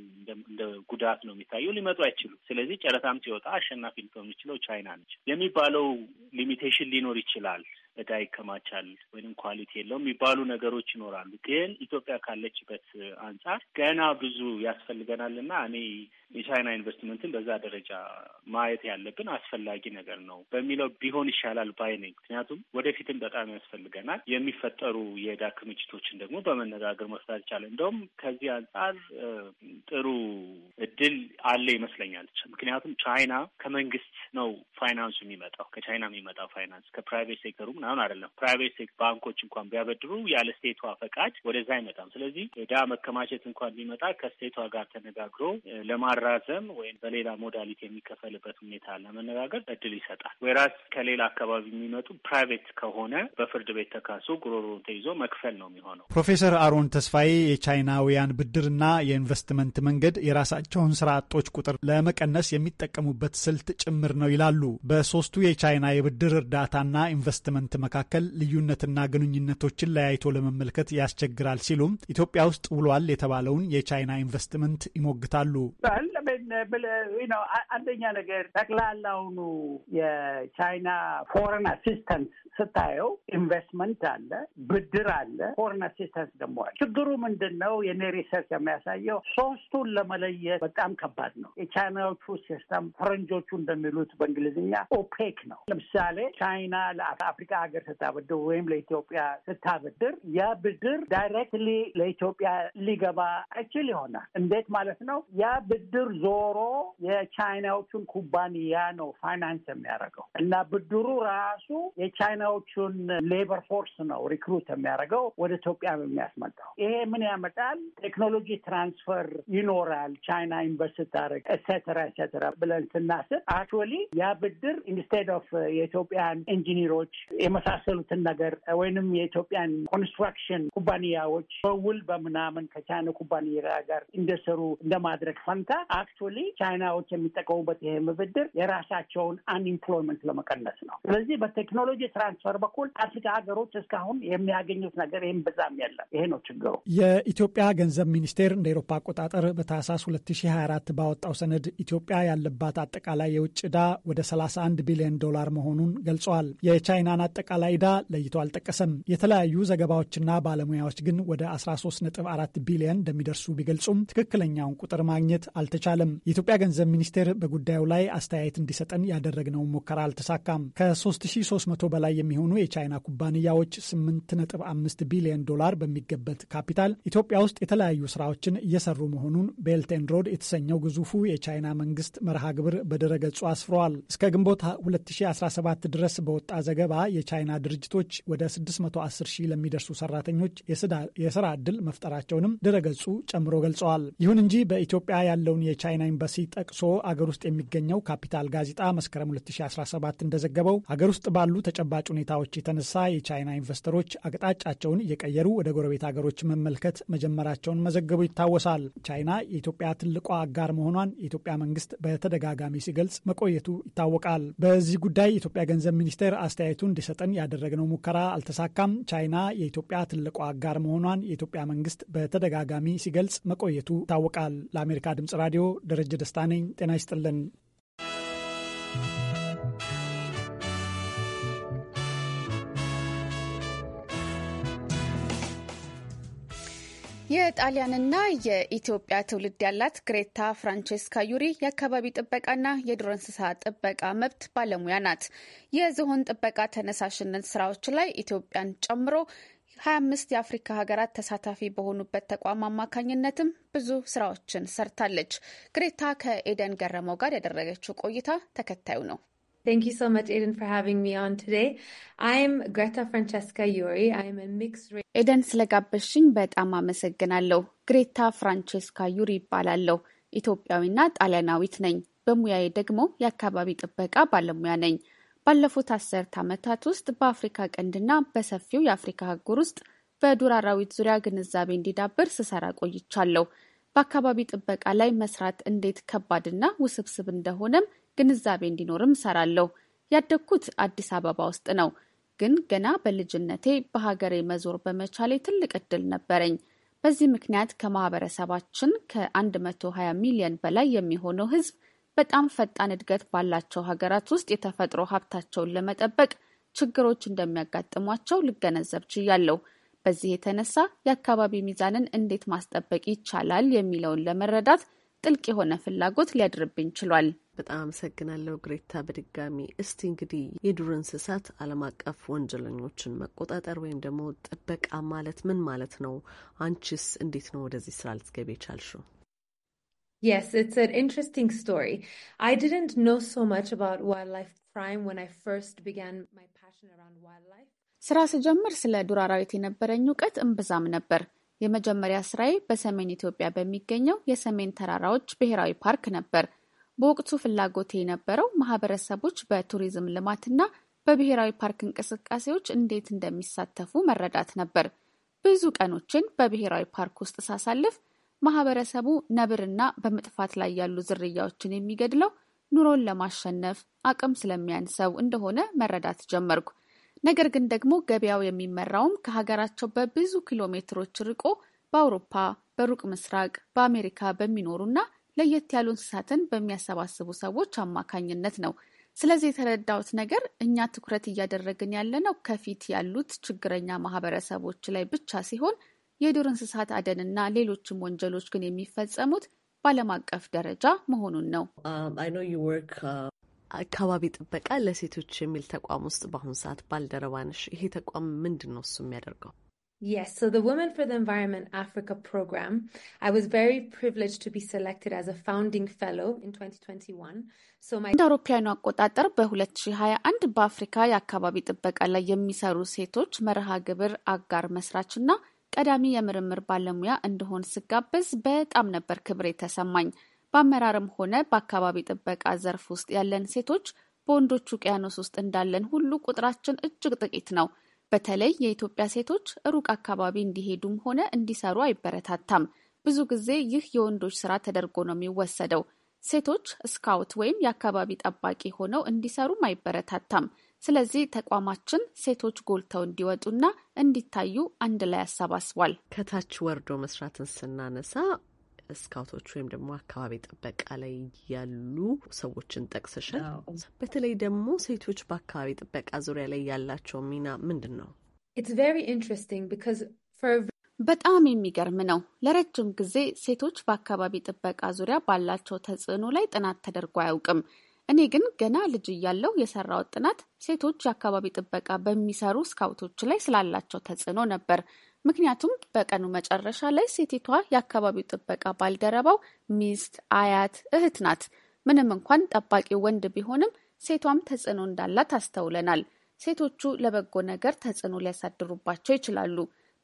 እንደ ጉዳት ነው የሚታየው። ሊመጡ አይችሉም። ስለዚህ ጨረታም ሲወጣ አሸናፊ ልትሆን የሚችለው ቻይና ነች የሚባለው ሊሚቴሽን ሊኖር ይችላል። እዳ ይከማቻል ወይም ኳሊቲ የለውም የሚባሉ ነገሮች ይኖራሉ። ግን ኢትዮጵያ ካለችበት አንጻር ገና ብዙ ያስፈልገናል እና እኔ የቻይና ኢንቨስትመንትን በዛ ደረጃ ማየት ያለብን አስፈላጊ ነገር ነው በሚለው ቢሆን ይሻላል ባይ ነኝ። ምክንያቱም ወደፊትም በጣም ያስፈልገናል። የሚፈጠሩ የዳ ክምችቶችን ደግሞ በመነጋገር መፍታት ይቻላል። እንደውም ከዚህ አንጻር ጥሩ እድል አለ ይመስለኛል። ምክንያቱም ቻይና ከመንግስት ነው ፋይናንሱ የሚመጣው ከቻይና የሚመጣው ፋይናንስ ከፕራይቬት ሴክተሩ ምናምን አይደለም። ፕራይቬት ባንኮች እንኳን ቢያበድሩ ያለ ስቴቷ ፈቃድ ወደዛ አይመጣም። ስለዚህ ዕዳ መከማቸት እንኳን ቢመጣ ከስቴቷ ጋር ተነጋግሮ ለማራዘም ወይም በሌላ ሞዳሊቲ የሚከፈልበት ሁኔታ ለመነጋገር እድል ይሰጣል። ወይራስ ከሌላ አካባቢ የሚመጡ ፕራይቬት ከሆነ በፍርድ ቤት ተካሶ ጉሮሮን ተይዞ መክፈል ነው የሚሆነው። ፕሮፌሰር አሮን ተስፋዬ የቻይናውያን ብድርና የኢንቨስትመንት መንገድ የራሳቸውን ስራ አጦች ቁጥር ለመቀነስ የሚጠቀሙበት ስልት ጭምር ነው ይላሉ። በሶስቱ የቻይና የብድር እርዳታና ኢንቨስትመንት መካከል ልዩነትና ግንኙነቶችን ለያይቶ ለመመልከት ያስቸግራል ሲሉም ኢትዮጵያ ውስጥ ውሏል የተባለውን የቻይና ኢንቨስትመንት ይሞግታሉ። ነው። አንደኛ ነገር ጠቅላላውኑ የቻይና ፎረን አሲስተንስ ስታየው ኢንቨስትመንት አለ፣ ብድር አለ፣ ፎረን አሲስተንስ ደግሞ አለ። ችግሩ ምንድን ነው? የኔ ሪሰርች የሚያሳየው ሶስቱን ለመለየት በጣም ከባድ ነው። የቻይናዎቹ ሲስተም ፈረንጆቹ እንደሚሉት በእንግሊዝኛ ኦፔክ ነው። ለምሳሌ ቻይና ለአፍሪካ ሀገር ስታበድር ወይም ለኢትዮጵያ ስታበድር ያ ብድር ዳይሬክትሊ ለኢትዮጵያ ሊገባ አይችል ይሆናል። እንዴት ማለት ነው? ያ ብድር ዞሮ የቻይናዎቹን ኩባንያ ነው ፋይናንስ የሚያደርገው እና ብድሩ ራሱ የቻይናዎቹን ሌበር ፎርስ ነው ሪክሩት የሚያደርገው ወደ ኢትዮጵያ የሚያስመጣው። ይሄ ምን ያመጣል? ቴክኖሎጂ ትራንስፈር ይኖራል። ቻይና ኢንቨስት ታደርግ ኤትሴተራ ኤትሴተራ ብለን ስናስብ አክቹዋሊ ያ ብድር ኢንስቴድ ኦፍ የኢትዮጵያን ኢንጂኒሮች የመሳሰሉትን ነገር ወይንም የኢትዮጵያን ኮንስትራክሽን ኩባንያዎች በውል በምናምን ከቻይና ኩባንያ ጋር እንደሰሩ እንደማድረግ ፈንታ አክቹዋሊ ቻይናዎች የሚጠቀሙበት ይሄ ብድር የራሳቸውን አንኢምፕሎይመንት ለመቀነስ ነው። ስለዚህ በቴክኖሎጂ ትራንስፈር በኩል አፍሪካ ሀገሮች እስካሁን የሚያገኙት ነገር ይህም ብዛም የለም። ይሄ ነው ችግሩ። የኢትዮጵያ ገንዘብ ሚኒስቴር እንደ ኤሮፓ አቆጣጠር በታህሳስ 2024 ባወጣው ሰነድ ኢትዮጵያ ያለባት አጠቃላይ የውጭ ዕዳ ወደ 31 ቢሊዮን ዶላር መሆኑን ገልጸዋል። የቻይናን አጠቃላይ ዕዳ ለይቶ አልጠቀሰም። የተለያዩ ዘገባዎችና ባለሙያዎች ግን ወደ 13.4 ቢሊዮን እንደሚደርሱ ቢገልጹም ትክክለኛውን ቁጥር ማግኘት አልተቻለም። አልቻለም። የኢትዮጵያ ገንዘብ ሚኒስቴር በጉዳዩ ላይ አስተያየት እንዲሰጠን ያደረግነው ሙከራ አልተሳካም። ከ3300 በላይ የሚሆኑ የቻይና ኩባንያዎች 8.5 ቢሊዮን ዶላር በሚገበት ካፒታል ኢትዮጵያ ውስጥ የተለያዩ ስራዎችን እየሰሩ መሆኑን ቤልት ኤንድ ሮድ የተሰኘው ግዙፉ የቻይና መንግስት መርሃ ግብር በድረገጹ አስፍረዋል። እስከ ግንቦት 2017 ድረስ በወጣ ዘገባ የቻይና ድርጅቶች ወደ 610 ሺህ ለሚደርሱ ሰራተኞች የስራ ዕድል መፍጠራቸውንም ድረገጹ ጨምሮ ገልጸዋል። ይሁን እንጂ በኢትዮጵያ ያለውን የቻይና ኤምባሲ ጠቅሶ አገር ውስጥ የሚገኘው ካፒታል ጋዜጣ መስከረም 2017 እንደዘገበው አገር ውስጥ ባሉ ተጨባጭ ሁኔታዎች የተነሳ የቻይና ኢንቨስተሮች አቅጣጫቸውን እየቀየሩ ወደ ጎረቤት አገሮች መመልከት መጀመራቸውን መዘገቡ ይታወሳል። ቻይና የኢትዮጵያ ትልቋ አጋር መሆኗን የኢትዮጵያ መንግስት በተደጋጋሚ ሲገልጽ መቆየቱ ይታወቃል። በዚህ ጉዳይ የኢትዮጵያ ገንዘብ ሚኒስቴር አስተያየቱ እንዲሰጠን ያደረግነው ሙከራ አልተሳካም። ቻይና የኢትዮጵያ ትልቋ አጋር መሆኗን የኢትዮጵያ መንግስት በተደጋጋሚ ሲገልጽ መቆየቱ ይታወቃል። ለአሜሪካ ድምጽ ራዲዮ ደረጀ ደስታ ነኝ። ጤና ይስጥልን። የጣሊያንና የኢትዮጵያ ትውልድ ያላት ግሬታ ፍራንቼስካ ዩሪ የአካባቢ ጥበቃና የዱር እንስሳ ጥበቃ መብት ባለሙያ ናት። የዝሆን ጥበቃ ተነሳሽነት ስራዎች ላይ ኢትዮጵያን ጨምሮ ሀያ አምስት የአፍሪካ ሀገራት ተሳታፊ በሆኑበት ተቋም አማካኝነትም ብዙ ስራዎችን ሰርታለች። ግሬታ ከኤደን ገረመው ጋር ያደረገችው ቆይታ ተከታዩ ነው። Thank you so much, Aiden, for having me on today. I'm Greta Francesca Yuri. I'm a mixed race. ኤደን ስለጋበሽኝ በጣም አመሰግናለሁ። ግሬታ ፍራንቼስካ ዩሪ ይባላለሁ። ኢትዮጵያዊና ጣሊያናዊት ነኝ። በሙያዬ ደግሞ የአካባቢ ጥበቃ ባለሙያ ነኝ። ባለፉት አስርት ዓመታት ውስጥ በአፍሪካ ቀንድና በሰፊው የአፍሪካ አህጉር ውስጥ በዱር አራዊት ዙሪያ ግንዛቤ እንዲዳብር ስሰራ ቆይቻለሁ። በአካባቢ ጥበቃ ላይ መስራት እንዴት ከባድና ውስብስብ እንደሆነም ግንዛቤ እንዲኖርም ሰራለሁ። ያደግኩት አዲስ አበባ ውስጥ ነው፣ ግን ገና በልጅነቴ በሀገሬ መዞር በመቻሌ ትልቅ እድል ነበረኝ። በዚህ ምክንያት ከማህበረሰባችን ከ120 ሚሊዮን በላይ የሚሆነው ህዝብ በጣም ፈጣን እድገት ባላቸው ሀገራት ውስጥ የተፈጥሮ ሀብታቸውን ለመጠበቅ ችግሮች እንደሚያጋጥሟቸው ልገነዘብ ችያለሁ። በዚህ የተነሳ የአካባቢ ሚዛንን እንዴት ማስጠበቅ ይቻላል የሚለውን ለመረዳት ጥልቅ የሆነ ፍላጎት ሊያድርብኝ ችሏል። በጣም አመሰግናለሁ ግሬታ። በድጋሚ እስቲ እንግዲህ የዱር እንስሳት ዓለም አቀፍ ወንጀለኞችን መቆጣጠር ወይም ደግሞ ጥበቃ ማለት ምን ማለት ነው? አንቺስ እንዴት ነው ወደዚህ ስራ ልትገቢ የቻልሽው? Yes, it's an interesting story. I didn't know so much about wildlife crime when I first began my passion around wildlife. ስራ ስጀምር ስለ ዱር አራዊት የነበረኝ እውቀት እምብዛም ነበር። የመጀመሪያ ስራዬ በሰሜን ኢትዮጵያ በሚገኘው የሰሜን ተራራዎች ብሔራዊ ፓርክ ነበር። በወቅቱ ፍላጎቴ የነበረው ማህበረሰቦች በቱሪዝም ልማትና በብሔራዊ ፓርክ እንቅስቃሴዎች እንዴት እንደሚሳተፉ መረዳት ነበር። ብዙ ቀኖችን በብሔራዊ ፓርክ ውስጥ ሳሳልፍ ማህበረሰቡ ነብርና በመጥፋት ላይ ያሉ ዝርያዎችን የሚገድለው ኑሮን ለማሸነፍ አቅም ስለሚያንሰው እንደሆነ መረዳት ጀመርኩ። ነገር ግን ደግሞ ገበያው የሚመራውም ከሀገራቸው በብዙ ኪሎ ሜትሮች ርቆ በአውሮፓ፣ በሩቅ ምስራቅ፣ በአሜሪካ በሚኖሩና ለየት ያሉ እንስሳትን በሚያሰባስቡ ሰዎች አማካኝነት ነው። ስለዚህ የተረዳሁት ነገር እኛ ትኩረት እያደረግን ያለነው ከፊት ያሉት ችግረኛ ማህበረሰቦች ላይ ብቻ ሲሆን የዱር እንስሳት አደንና ሌሎችም ወንጀሎች ግን የሚፈጸሙት በዓለም አቀፍ ደረጃ መሆኑን ነው። um, uh, አካባቢ ጥበቃ ለሴቶች የሚል ተቋም ውስጥ በአሁኑ ሰዓት ባልደረባ ነሽ። ይሄ ተቋም ምንድን ነው እሱ የሚያደርገው? Yes, so the Women for the Environment Africa program, I was very privileged to be selected as a founding fellow in 2021. እንደ አውሮፓውያኑ አቆጣጠር በ2021 በአፍሪካ የአካባቢ ጥበቃ ላይ የሚሰሩ ሴቶች መርሃ ግብር አጋር መስራችና ቀዳሚ የምርምር ባለሙያ እንደሆን ስጋበዝ በጣም ነበር ክብር የተሰማኝ። በአመራርም ሆነ በአካባቢ ጥበቃ ዘርፍ ውስጥ ያለን ሴቶች በወንዶች ውቅያኖስ ውስጥ እንዳለን ሁሉ ቁጥራችን እጅግ ጥቂት ነው። በተለይ የኢትዮጵያ ሴቶች ሩቅ አካባቢ እንዲሄዱም ሆነ እንዲሰሩ አይበረታታም። ብዙ ጊዜ ይህ የወንዶች ስራ ተደርጎ ነው የሚወሰደው። ሴቶች ስካውት ወይም የአካባቢ ጠባቂ ሆነው እንዲሰሩም አይበረታታም። ስለዚህ ተቋማችን ሴቶች ጎልተው እንዲወጡና እንዲታዩ አንድ ላይ አሰባስቧል። ከታች ወርዶ መስራትን ስናነሳ ስካውቶች ወይም ደግሞ አካባቢ ጥበቃ ላይ ያሉ ሰዎችን ጠቅስሻል። በተለይ ደግሞ ሴቶች በአካባቢ ጥበቃ ዙሪያ ላይ ያላቸው ሚና ምንድን ነው? በጣም የሚገርም ነው። ለረጅም ጊዜ ሴቶች በአካባቢ ጥበቃ ዙሪያ ባላቸው ተጽዕኖ ላይ ጥናት ተደርጎ አያውቅም። እኔ ግን ገና ልጅ እያለው የሰራው ጥናት ሴቶች የአካባቢ ጥበቃ በሚሰሩ ስካውቶች ላይ ስላላቸው ተጽዕኖ ነበር። ምክንያቱም በቀኑ መጨረሻ ላይ ሴቲቷ የአካባቢው ጥበቃ ባልደረባው ሚስት፣ አያት፣ እህት ናት። ምንም እንኳን ጠባቂ ወንድ ቢሆንም ሴቷም ተጽዕኖ እንዳላት አስተውለናል። ሴቶቹ ለበጎ ነገር ተጽዕኖ ሊያሳድሩባቸው ይችላሉ።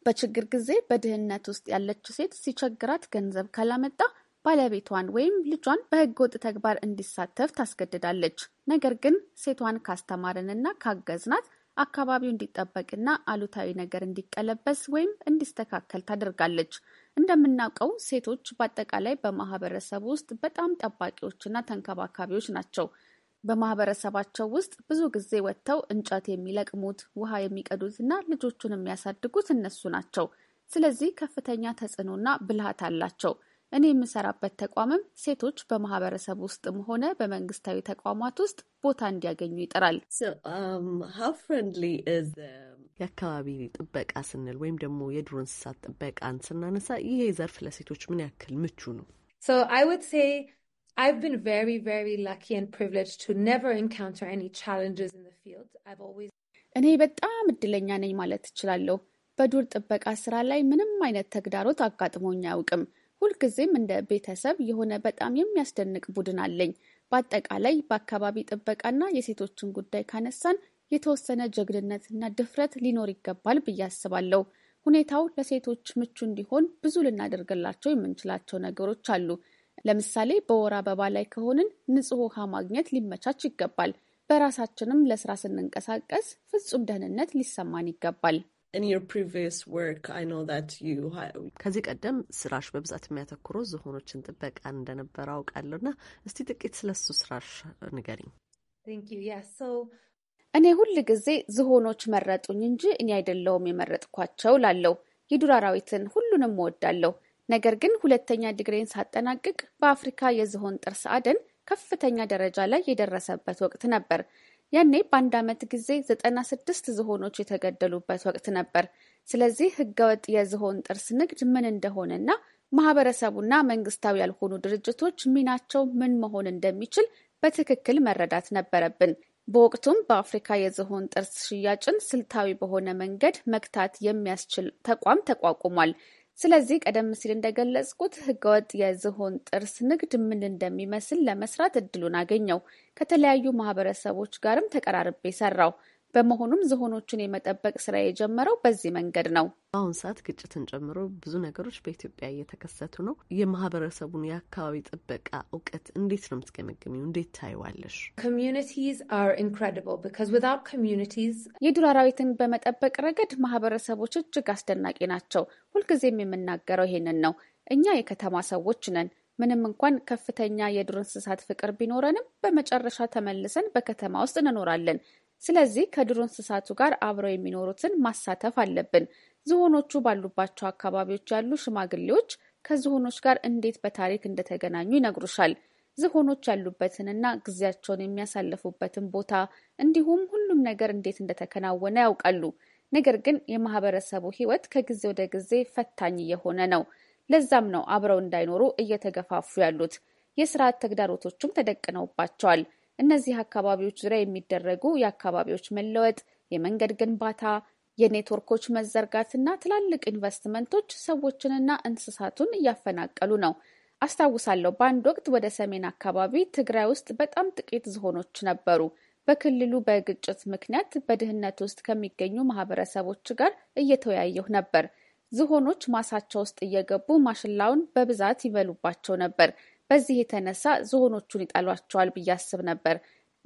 በችግር ጊዜ በድህነት ውስጥ ያለችው ሴት ሲቸግራት ገንዘብ ካላመጣ ባለቤቷን ወይም ልጇን በህገወጥ ተግባር እንዲሳተፍ ታስገድዳለች። ነገር ግን ሴቷን ካስተማርንና ካገዝናት አካባቢው እንዲጠበቅና አሉታዊ ነገር እንዲቀለበስ ወይም እንዲስተካከል ታደርጋለች። እንደምናውቀው ሴቶች በአጠቃላይ በማህበረሰብ ውስጥ በጣም ጠባቂዎችና ተንከባካቢዎች ናቸው። በማህበረሰባቸው ውስጥ ብዙ ጊዜ ወጥተው እንጨት የሚለቅሙት፣ ውሃ የሚቀዱትና ልጆቹን የሚያሳድጉት እነሱ ናቸው። ስለዚህ ከፍተኛ ተጽዕኖና ብልሃት አላቸው። እኔ የምሰራበት ተቋምም ሴቶች በማህበረሰብ ውስጥም ሆነ በመንግስታዊ ተቋማት ውስጥ ቦታ እንዲያገኙ ይጥራል። um, የአካባቢ ጥበቃ ስንል ወይም ደግሞ የዱር እንስሳት ጥበቃን ስናነሳ ይሄ ዘርፍ ለሴቶች ምን ያክል ምቹ ነው? እኔ በጣም እድለኛ ነኝ ማለት እችላለሁ። በዱር ጥበቃ ስራ ላይ ምንም አይነት ተግዳሮት አጋጥሞኝ አያውቅም። ሁልጊዜም እንደ ቤተሰብ የሆነ በጣም የሚያስደንቅ ቡድን አለኝ። በአጠቃላይ በአካባቢ ጥበቃና የሴቶችን ጉዳይ ካነሳን የተወሰነ ጀግንነትና ድፍረት ሊኖር ይገባል ብዬ አስባለሁ። ሁኔታው ለሴቶች ምቹ እንዲሆን ብዙ ልናደርግላቸው የምንችላቸው ነገሮች አሉ። ለምሳሌ በወር አበባ ላይ ከሆንን ንጹህ ውሃ ማግኘት ሊመቻች ይገባል። በራሳችንም ለስራ ስንንቀሳቀስ ፍጹም ደህንነት ሊሰማን ይገባል። ከዚህ ቀደም ስራሽ በብዛት የሚያተኩረው ዝሆኖችን ጥበቃ እንደነበረ አውቃለሁ እና እስቲ ጥቂት ስለሱ ስራሽ ንገሪኝ። እኔ ሁል ጊዜ ዝሆኖች መረጡኝ እንጂ እኔ አይደለሁም የመረጥኳቸው ላለው የዱር አራዊትን ሁሉንም እወዳለሁ። ነገር ግን ሁለተኛ ዲግሬን ሳጠናቅቅ በአፍሪካ የዝሆን ጥርስ አደን ከፍተኛ ደረጃ ላይ የደረሰበት ወቅት ነበር። ያኔ በአንድ ዓመት ጊዜ ዘጠና ስድስት ዝሆኖች የተገደሉበት ወቅት ነበር። ስለዚህ ህገወጥ የዝሆን ጥርስ ንግድ ምን እንደሆነና ማህበረሰቡና መንግስታዊ ያልሆኑ ድርጅቶች ሚናቸው ምን መሆን እንደሚችል በትክክል መረዳት ነበረብን። በወቅቱም በአፍሪካ የዝሆን ጥርስ ሽያጭን ስልታዊ በሆነ መንገድ መግታት የሚያስችል ተቋም ተቋቁሟል። ስለዚህ ቀደም ሲል እንደገለጽኩት ህገወጥ የዝሆን ጥርስ ንግድ ምን እንደሚመስል ለመስራት እድሉን አገኘው። ከተለያዩ ማህበረሰቦች ጋርም ተቀራርቤ ሰራው። በመሆኑም ዝሆኖችን የመጠበቅ ስራ የጀመረው በዚህ መንገድ ነው። በአሁን ሰዓት ግጭትን ጨምሮ ብዙ ነገሮች በኢትዮጵያ እየተከሰቱ ነው። የማህበረሰቡን የአካባቢ ጥበቃ እውቀት እንዴት ነው የምትገመግሚው? እንዴት ታይዋለሽ? የዱር አራዊትን በመጠበቅ ረገድ ማህበረሰቦች እጅግ አስደናቂ ናቸው። ሁልጊዜም የምናገረው ይሄንን ነው። እኛ የከተማ ሰዎች ነን። ምንም እንኳን ከፍተኛ የዱር እንስሳት ፍቅር ቢኖረንም በመጨረሻ ተመልሰን በከተማ ውስጥ እንኖራለን። ስለዚህ ከዱር እንስሳቱ ጋር አብረው የሚኖሩትን ማሳተፍ አለብን። ዝሆኖቹ ባሉባቸው አካባቢዎች ያሉ ሽማግሌዎች ከዝሆኖች ጋር እንዴት በታሪክ እንደተገናኙ ይነግሩሻል። ዝሆኖች ያሉበትንና ጊዜያቸውን የሚያሳልፉበትን ቦታ እንዲሁም ሁሉም ነገር እንዴት እንደተከናወነ ያውቃሉ። ነገር ግን የማህበረሰቡ ሕይወት ከጊዜ ወደ ጊዜ ፈታኝ እየሆነ ነው። ለዛም ነው አብረው እንዳይኖሩ እየተገፋፉ ያሉት። የስርዓት ተግዳሮቶቹም ተደቅነውባቸዋል። እነዚህ አካባቢዎች ዙሪያ የሚደረጉ የአካባቢዎች መለወጥ፣ የመንገድ ግንባታ፣ የኔትወርኮች መዘርጋትና ትላልቅ ኢንቨስትመንቶች ሰዎችንና እንስሳቱን እያፈናቀሉ ነው። አስታውሳለሁ በአንድ ወቅት ወደ ሰሜን አካባቢ ትግራይ ውስጥ በጣም ጥቂት ዝሆኖች ነበሩ። በክልሉ በግጭት ምክንያት በድህነት ውስጥ ከሚገኙ ማህበረሰቦች ጋር እየተወያየሁ ነበር። ዝሆኖች ማሳቸው ውስጥ እየገቡ ማሽላውን በብዛት ይበሉባቸው ነበር። በዚህ የተነሳ ዝሆኖቹን ይጠሏቸዋል ብዬ አስብ ነበር።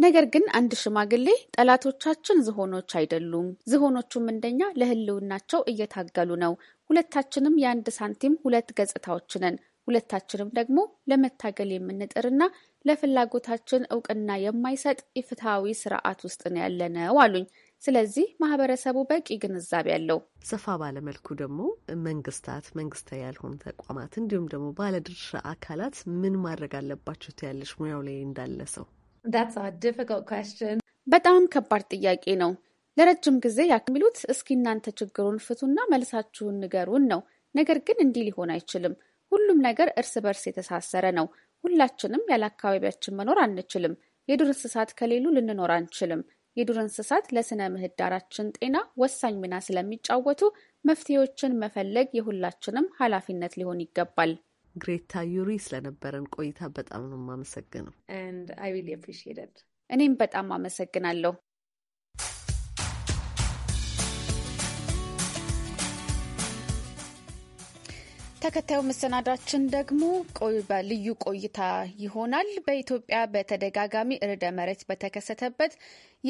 ነገር ግን አንድ ሽማግሌ ጠላቶቻችን ዝሆኖች አይደሉም፣ ዝሆኖቹም እንደኛ ለህልውናቸው እየታገሉ ነው። ሁለታችንም የአንድ ሳንቲም ሁለት ገጽታዎች ነን። ሁለታችንም ደግሞ ለመታገል የምንጥርና ለፍላጎታችን እውቅና የማይሰጥ ኢፍትሐዊ ስርዓት ውስጥ ነው ያለነው አሉኝ። ስለዚህ ማህበረሰቡ በቂ ግንዛቤ አለው። ሰፋ ባለመልኩ ደግሞ መንግስታት፣ መንግስታዊ ያልሆኑ ተቋማት እንዲሁም ደግሞ ባለድርሻ አካላት ምን ማድረግ አለባቸው ትያለሽ? ሙያው ላይ እንዳለ ሰው በጣም ከባድ ጥያቄ ነው። ለረጅም ጊዜ ያክሚሉት እስኪ እናንተ ችግሩን ፍቱና መልሳችሁን ንገሩን ነው። ነገር ግን እንዲህ ሊሆን አይችልም። ሁሉም ነገር እርስ በርስ የተሳሰረ ነው። ሁላችንም ያለ አካባቢያችን መኖር አንችልም። የዱር እንስሳት ከሌሉ ልንኖር አንችልም። የዱር እንስሳት ለስነ ምህዳራችን ጤና ወሳኝ ሚና ስለሚጫወቱ መፍትሄዎችን መፈለግ የሁላችንም ኃላፊነት ሊሆን ይገባል። ግሬታ ዩሪ ስለነበረን ቆይታ በጣም ነው የማመሰግነው። እኔም በጣም አመሰግናለሁ። ተከታዩ መሰናዳችን ደግሞ ልዩ ቆይታ ይሆናል። በኢትዮጵያ በተደጋጋሚ ርዕደ መሬት በተከሰተበት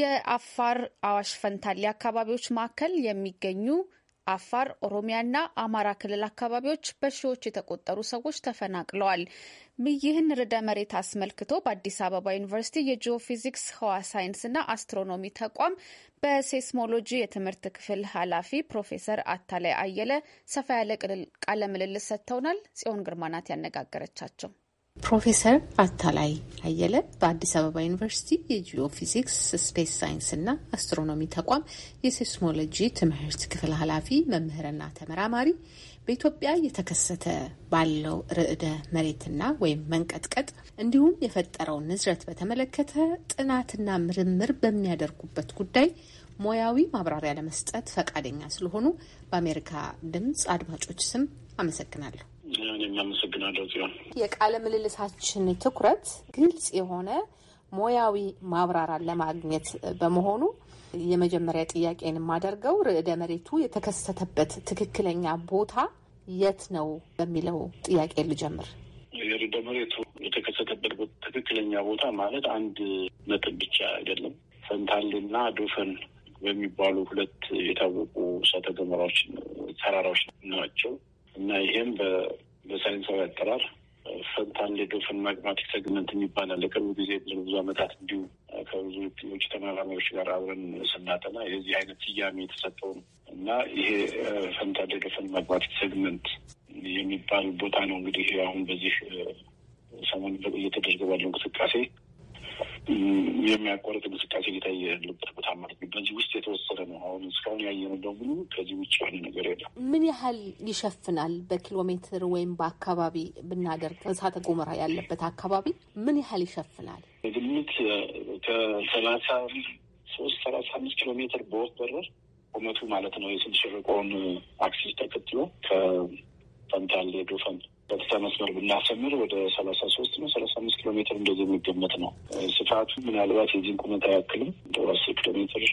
የአፋር አዋሽ ፈንታሌ አካባቢዎች መካከል የሚገኙ አፋር፣ ኦሮሚያና አማራ ክልል አካባቢዎች በሺዎች የተቆጠሩ ሰዎች ተፈናቅለዋል። ይህን ርዕደ መሬት አስመልክቶ በአዲስ አበባ ዩኒቨርሲቲ የጂኦፊዚክስ ህዋ ሳይንስና አስትሮኖሚ ተቋም በሴስሞሎጂ የትምህርት ክፍል ኃላፊ ፕሮፌሰር አታላይ አየለ ሰፋ ያለ ቃለ ምልልስ ሰጥተውናል። ጽዮን ግርማ ናት ያነጋገረቻቸው። ፕሮፌሰር አታላይ አየለ በአዲስ አበባ ዩኒቨርሲቲ የጂኦፊዚክስ ስፔስ ሳይንስ እና አስትሮኖሚ ተቋም የሴስሞሎጂ ትምህርት ክፍል ኃላፊ መምህርና ተመራማሪ በኢትዮጵያ እየተከሰተ ባለው ርዕደ መሬትና ወይም መንቀጥቀጥ እንዲሁም የፈጠረውን ንዝረት በተመለከተ ጥናትና ምርምር በሚያደርጉበት ጉዳይ ሙያዊ ማብራሪያ ለመስጠት ፈቃደኛ ስለሆኑ በአሜሪካ ድምፅ አድማጮች ስም አመሰግናለሁ። እኔም አመሰግናለሁ ጽዮን። የቃለ ምልልሳችን ትኩረት ግልጽ የሆነ ሙያዊ ማብራራን ለማግኘት በመሆኑ የመጀመሪያ ጥያቄን የማደርገው ርዕደ መሬቱ የተከሰተበት ትክክለኛ ቦታ የት ነው በሚለው ጥያቄ ልጀምር። የርዕደ መሬቱ የተከሰተበት ትክክለኛ ቦታ ማለት አንድ ነጥብ ብቻ አይደለም። ፈንታሌና ዶፈን በሚባሉ ሁለት የታወቁ እሳተ ገሞራዎች ተራራዎች ናቸው። እና ይሄም በሳይንሳዊ አጠራር ፈንታን ሌዶፍን ማግማቲክ ሰግመንት የሚባላል አለ። ጊዜ ለብዙ ዓመታት እንዲሁ ከብዙ ውጭ ተመራማሪዎች ጋር አብረን ስናጠና የዚህ አይነት ስያሜ የተሰጠው ነው እና ይሄ ፈንታን ሌዶፍን ማግማቲክ ሰግመንት የሚባል ቦታ ነው እንግዲህ አሁን በዚህ ሰሞን እየተደረገ ባለው እንቅስቃሴ የሚያቋርጥ እንቅስቃሴ እየታየ ያለበት ቦታ ማለት ነው። በዚህ ውስጥ የተወሰነ ነው። አሁን እስካሁን ያየነው በሙሉ ከዚህ ውጭ የሆነ ነገር የለም። ምን ያህል ይሸፍናል? በኪሎ ሜትር ወይም በአካባቢ ብናደርግ እሳተ ገሞራ ያለበት አካባቢ ምን ያህል ይሸፍናል? ግምት ከሰላሳ ሶስት ሰላሳ አምስት ኪሎ ሜትር በወት በረር ቁመቱ ማለት ነው የስንሸረቆውን አክሲስ ተከትሎ ከፈንታሌ ዶፈን ቀጥታ መስመር ብናሰምር ወደ ሰላሳ ሶስት ነው ሰላሳ አምስት ኪሎ ሜትር እንደዚህ የሚገመት ነው ስፋቱ ምናልባት የዚህን ቁመት አያክልም እንደ አስር ኪሎ ሜትር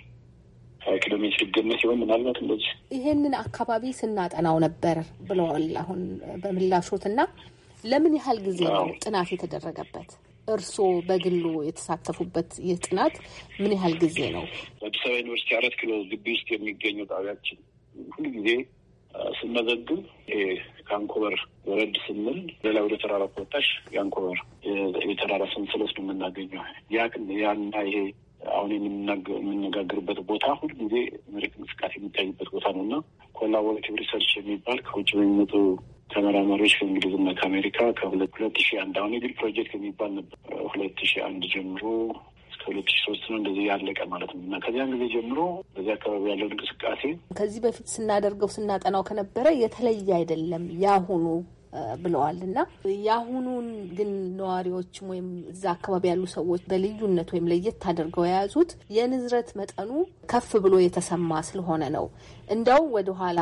ሀያ ኪሎ ሜትር ይገመት ይሆን ምናልባት እንደዚህ ይሄንን አካባቢ ስናጠናው ነበር ብለዋል አሁን በምላሾት እና ለምን ያህል ጊዜ ነው ጥናት የተደረገበት እርስዎ በግሉ የተሳተፉበት ይህ ጥናት ምን ያህል ጊዜ ነው በአዲስ አበባ ዩኒቨርሲቲ አራት ኪሎ ግቢ ውስጥ የሚገኘው ጣቢያችን ሁሉ ጊዜ ስመዘግብ ከአንኮበር ወረድ ስንል ሌላ ወደ ተራራ ከወጣሽ የአንኮበር የተራራ ሰንሰለት ነው የምናገኘው። ያና ይሄ አሁን የምንነጋገርበት ቦታ ሁል ጊዜ መሬት እንቅስቃሴ የሚታይበት ቦታ ነው እና ኮላቦሬቲቭ ሪሰርች የሚባል ከውጭ በሚመጡ ተመራማሪዎች ከእንግሊዝና ከአሜሪካ ከሁለት ሁለት ሺ አንድ አሁን የግል ፕሮጀክት የሚባል ነበር ሁለት ሺ አንድ ጀምሮ ሁለት ሺ ሶስት ነው እንደዚህ ያለቀ ማለት ነው እና ከዚያን ጊዜ ጀምሮ በዚህ አካባቢ ያለው እንቅስቃሴ ከዚህ በፊት ስናደርገው ስናጠናው ከነበረ የተለየ አይደለም ያሁኑ ብለዋል እና የአሁኑን ግን ነዋሪዎችም ወይም እዛ አካባቢ ያሉ ሰዎች በልዩነት ወይም ለየት አድርገው የያዙት የንዝረት መጠኑ ከፍ ብሎ የተሰማ ስለሆነ ነው። እንደው ወደኋላ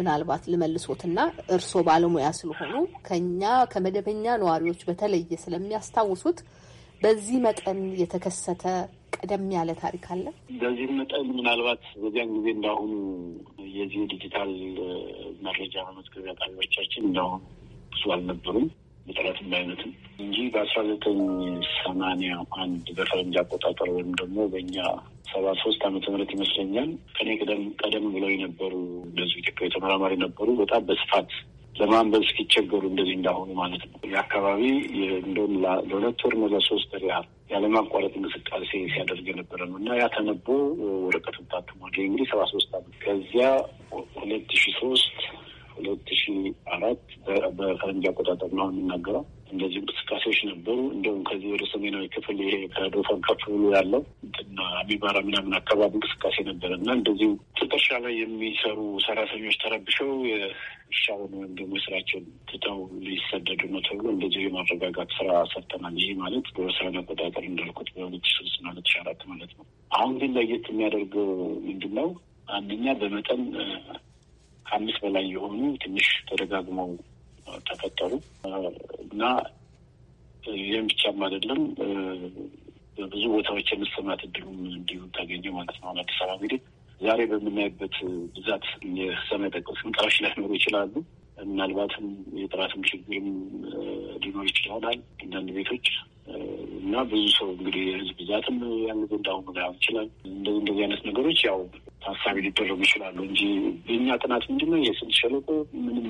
ምናልባት ልመልሶትና እርስዎ ባለሙያ ስለሆኑ ከኛ ከመደበኛ ነዋሪዎች በተለየ ስለሚያስታውሱት በዚህ መጠን የተከሰተ ቀደም ያለ ታሪክ አለ። በዚህ መጠን ምናልባት በዚያን ጊዜ እንዳሁኑ የዚህ ዲጂታል መረጃ መመዝገቢያ ጣቢያዎቻችን እንዳሁኑ ብዙ አልነበሩም የጠላትም አይነትም እንጂ በአስራ ዘጠኝ ሰማንያ አንድ በፈረንጅ አቆጣጠር ወይም ደግሞ በእኛ ሰባ ሶስት አመተ ምህረት ይመስለኛል ከኔ ቀደም ቀደም ብለው የነበሩ እንደዚሁ ኢትዮጵያ ተመራማሪ ነበሩ። በጣም በስፋት ለማንበብ እስኪቸገሩ እንደዚህ እንዳሁኑ ማለት ነው። የአካባቢ እንደውም ለሁለት ወር ነው ለሶስት ወር ያህል ያለማቋረጥ እንቅስቃሴ ሲያደርግ የነበረ ነው እና ያተነቦ ወረቀት ወረቀቱ እንግዲህ ሰባ ሶስት አመት ከዚያ ሁለት ሺ ሶስት ሁለት ሺ አራት በፈረንጅ አቆጣጠር ነው የምናገረው። እንደዚህ እንቅስቃሴዎች ነበሩ። እንደውም ከዚህ ወደ ሰሜናዊ ክፍል ይሄ ከዶፈን ከፍ ብሎ ያለው አሚባራ ምናምን አካባቢ እንቅስቃሴ ነበረ እና እንደዚሁ ትከሻ ላይ የሚሰሩ ሰራተኞች ተረብሸው እርሻውን ወይም ደግሞ ስራቸውን ትተው ሊሰደዱ ነው ተብሎ እንደዚሁ የማረጋጋት ስራ ሰርተናል። ይህ ማለት በወሰን አቆጣጠር እንዳልኩት በሁለት ሺ ሶስት እና ሁለት ሺ አራት ማለት ነው። አሁን ግን ለየት የሚያደርገው ምንድን ነው? አንደኛ በመጠን ከአምስት በላይ የሆኑ ትንሽ ተደጋግመው ተፈጠሩ እና ይህም ብቻም አይደለም በብዙ ቦታዎች የመሰማት እድሉም እንዲሁ ታገኘ ማለት ነው። አዲስ አበባ እንግዲህ ዛሬ በምናይበት ብዛት የሰማይ ጠቀስ ስንጠራዎች ላይኖሩ ይችላሉ። ምናልባትም የጥራትም ችግርም ሊኖር ይችላል አንዳንድ ቤቶች እና ብዙ ሰው እንግዲህ የህዝብ ብዛትም ያንጎ እንዳሁኑ ላይሆን ይችላል። እንደዚህ እንደዚህ አይነት ነገሮች ያው ታሳቢ ሊደረጉ ይችላሉ እንጂ የእኛ ጥናት ምንድነው የስምጥ ሸለቆ ምንም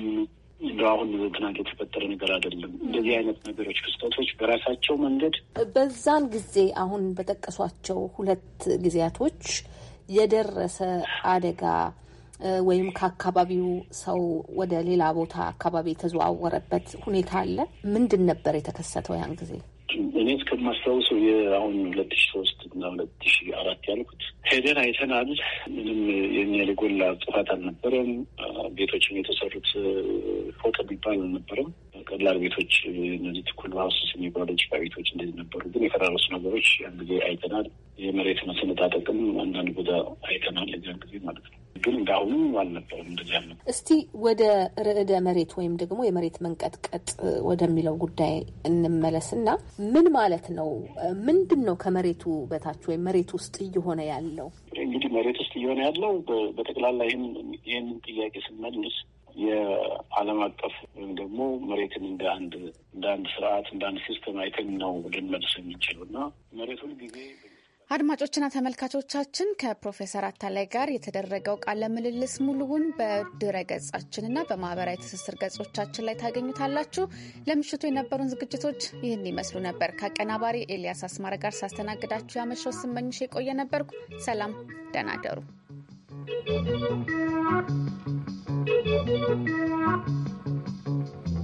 እንደ አሁን ትናንት የተፈጠረ ነገር አይደለም። እንደዚህ አይነት ነገሮች፣ ክስተቶች በራሳቸው መንገድ በዛን ጊዜ አሁን በጠቀሷቸው ሁለት ጊዜያቶች የደረሰ አደጋ ወይም ከአካባቢው ሰው ወደ ሌላ ቦታ አካባቢ የተዘዋወረበት ሁኔታ አለ። ምንድን ነበር የተከሰተው ያን ጊዜ? እኔ እስከማስታውሰው የአሁን ሁለት ሺ ሶስት እና ሁለት ሺ አራት ያልኩት ሄደን አይተናል። ምንም የኛ የጎላ ጥፋት አልነበረም። ቤቶችም የተሰሩት ፎቅ የሚባል አልነበረም። ቀላል ቤቶች እነዚህ ትኩል ሀውስስ የሚባሉ ጭቃ ቤቶች እንደዚህ ነበሩ። ግን የፈራረሱ ነገሮች ያን ጊዜ አይተናል። የመሬት መሰነጣጠቅም አንዳንድ ቦታ አይተናል። ለዚያን ጊዜ ማለት ነው። ግን እንዳሁኑ አልነበረም እንደዚህ ያለ። እስቲ ወደ ርዕደ መሬት ወይም ደግሞ የመሬት መንቀጥቀጥ ወደሚለው ጉዳይ እንመለስና ምን ማለት ነው? ምንድን ነው ከመሬቱ በታች ወይም መሬት ውስጥ እየሆነ ያለ ያለው? እንግዲህ መሬት ውስጥ እየሆነ ያለው በጠቅላላ ይህንን ጥያቄ ስንመልስ የዓለም አቀፍ ወይም ደግሞ መሬትን እንደ አንድ እንደ አንድ ስርዓት እንደ አንድ ሲስተም አይተን ነው ልንመልስ የምንችለው እና መሬቱን ጊዜ አድማጮችና ተመልካቾቻችን ከፕሮፌሰር አታላይ ጋር የተደረገው ቃለ ምልልስ ሙሉውን በድረ ገጻችንና በማህበራዊ ትስስር ገጾቻችን ላይ ታገኙታላችሁ። ለምሽቱ የነበሩን ዝግጅቶች ይህን ይመስሉ ነበር። ከአቀናባሪ ኤልያስ አስማረ ጋር ሳስተናግዳችሁ ያመሸው ስመኝሽ የቆየ ነበርኩ። ሰላም፣ ደህና ደሩ።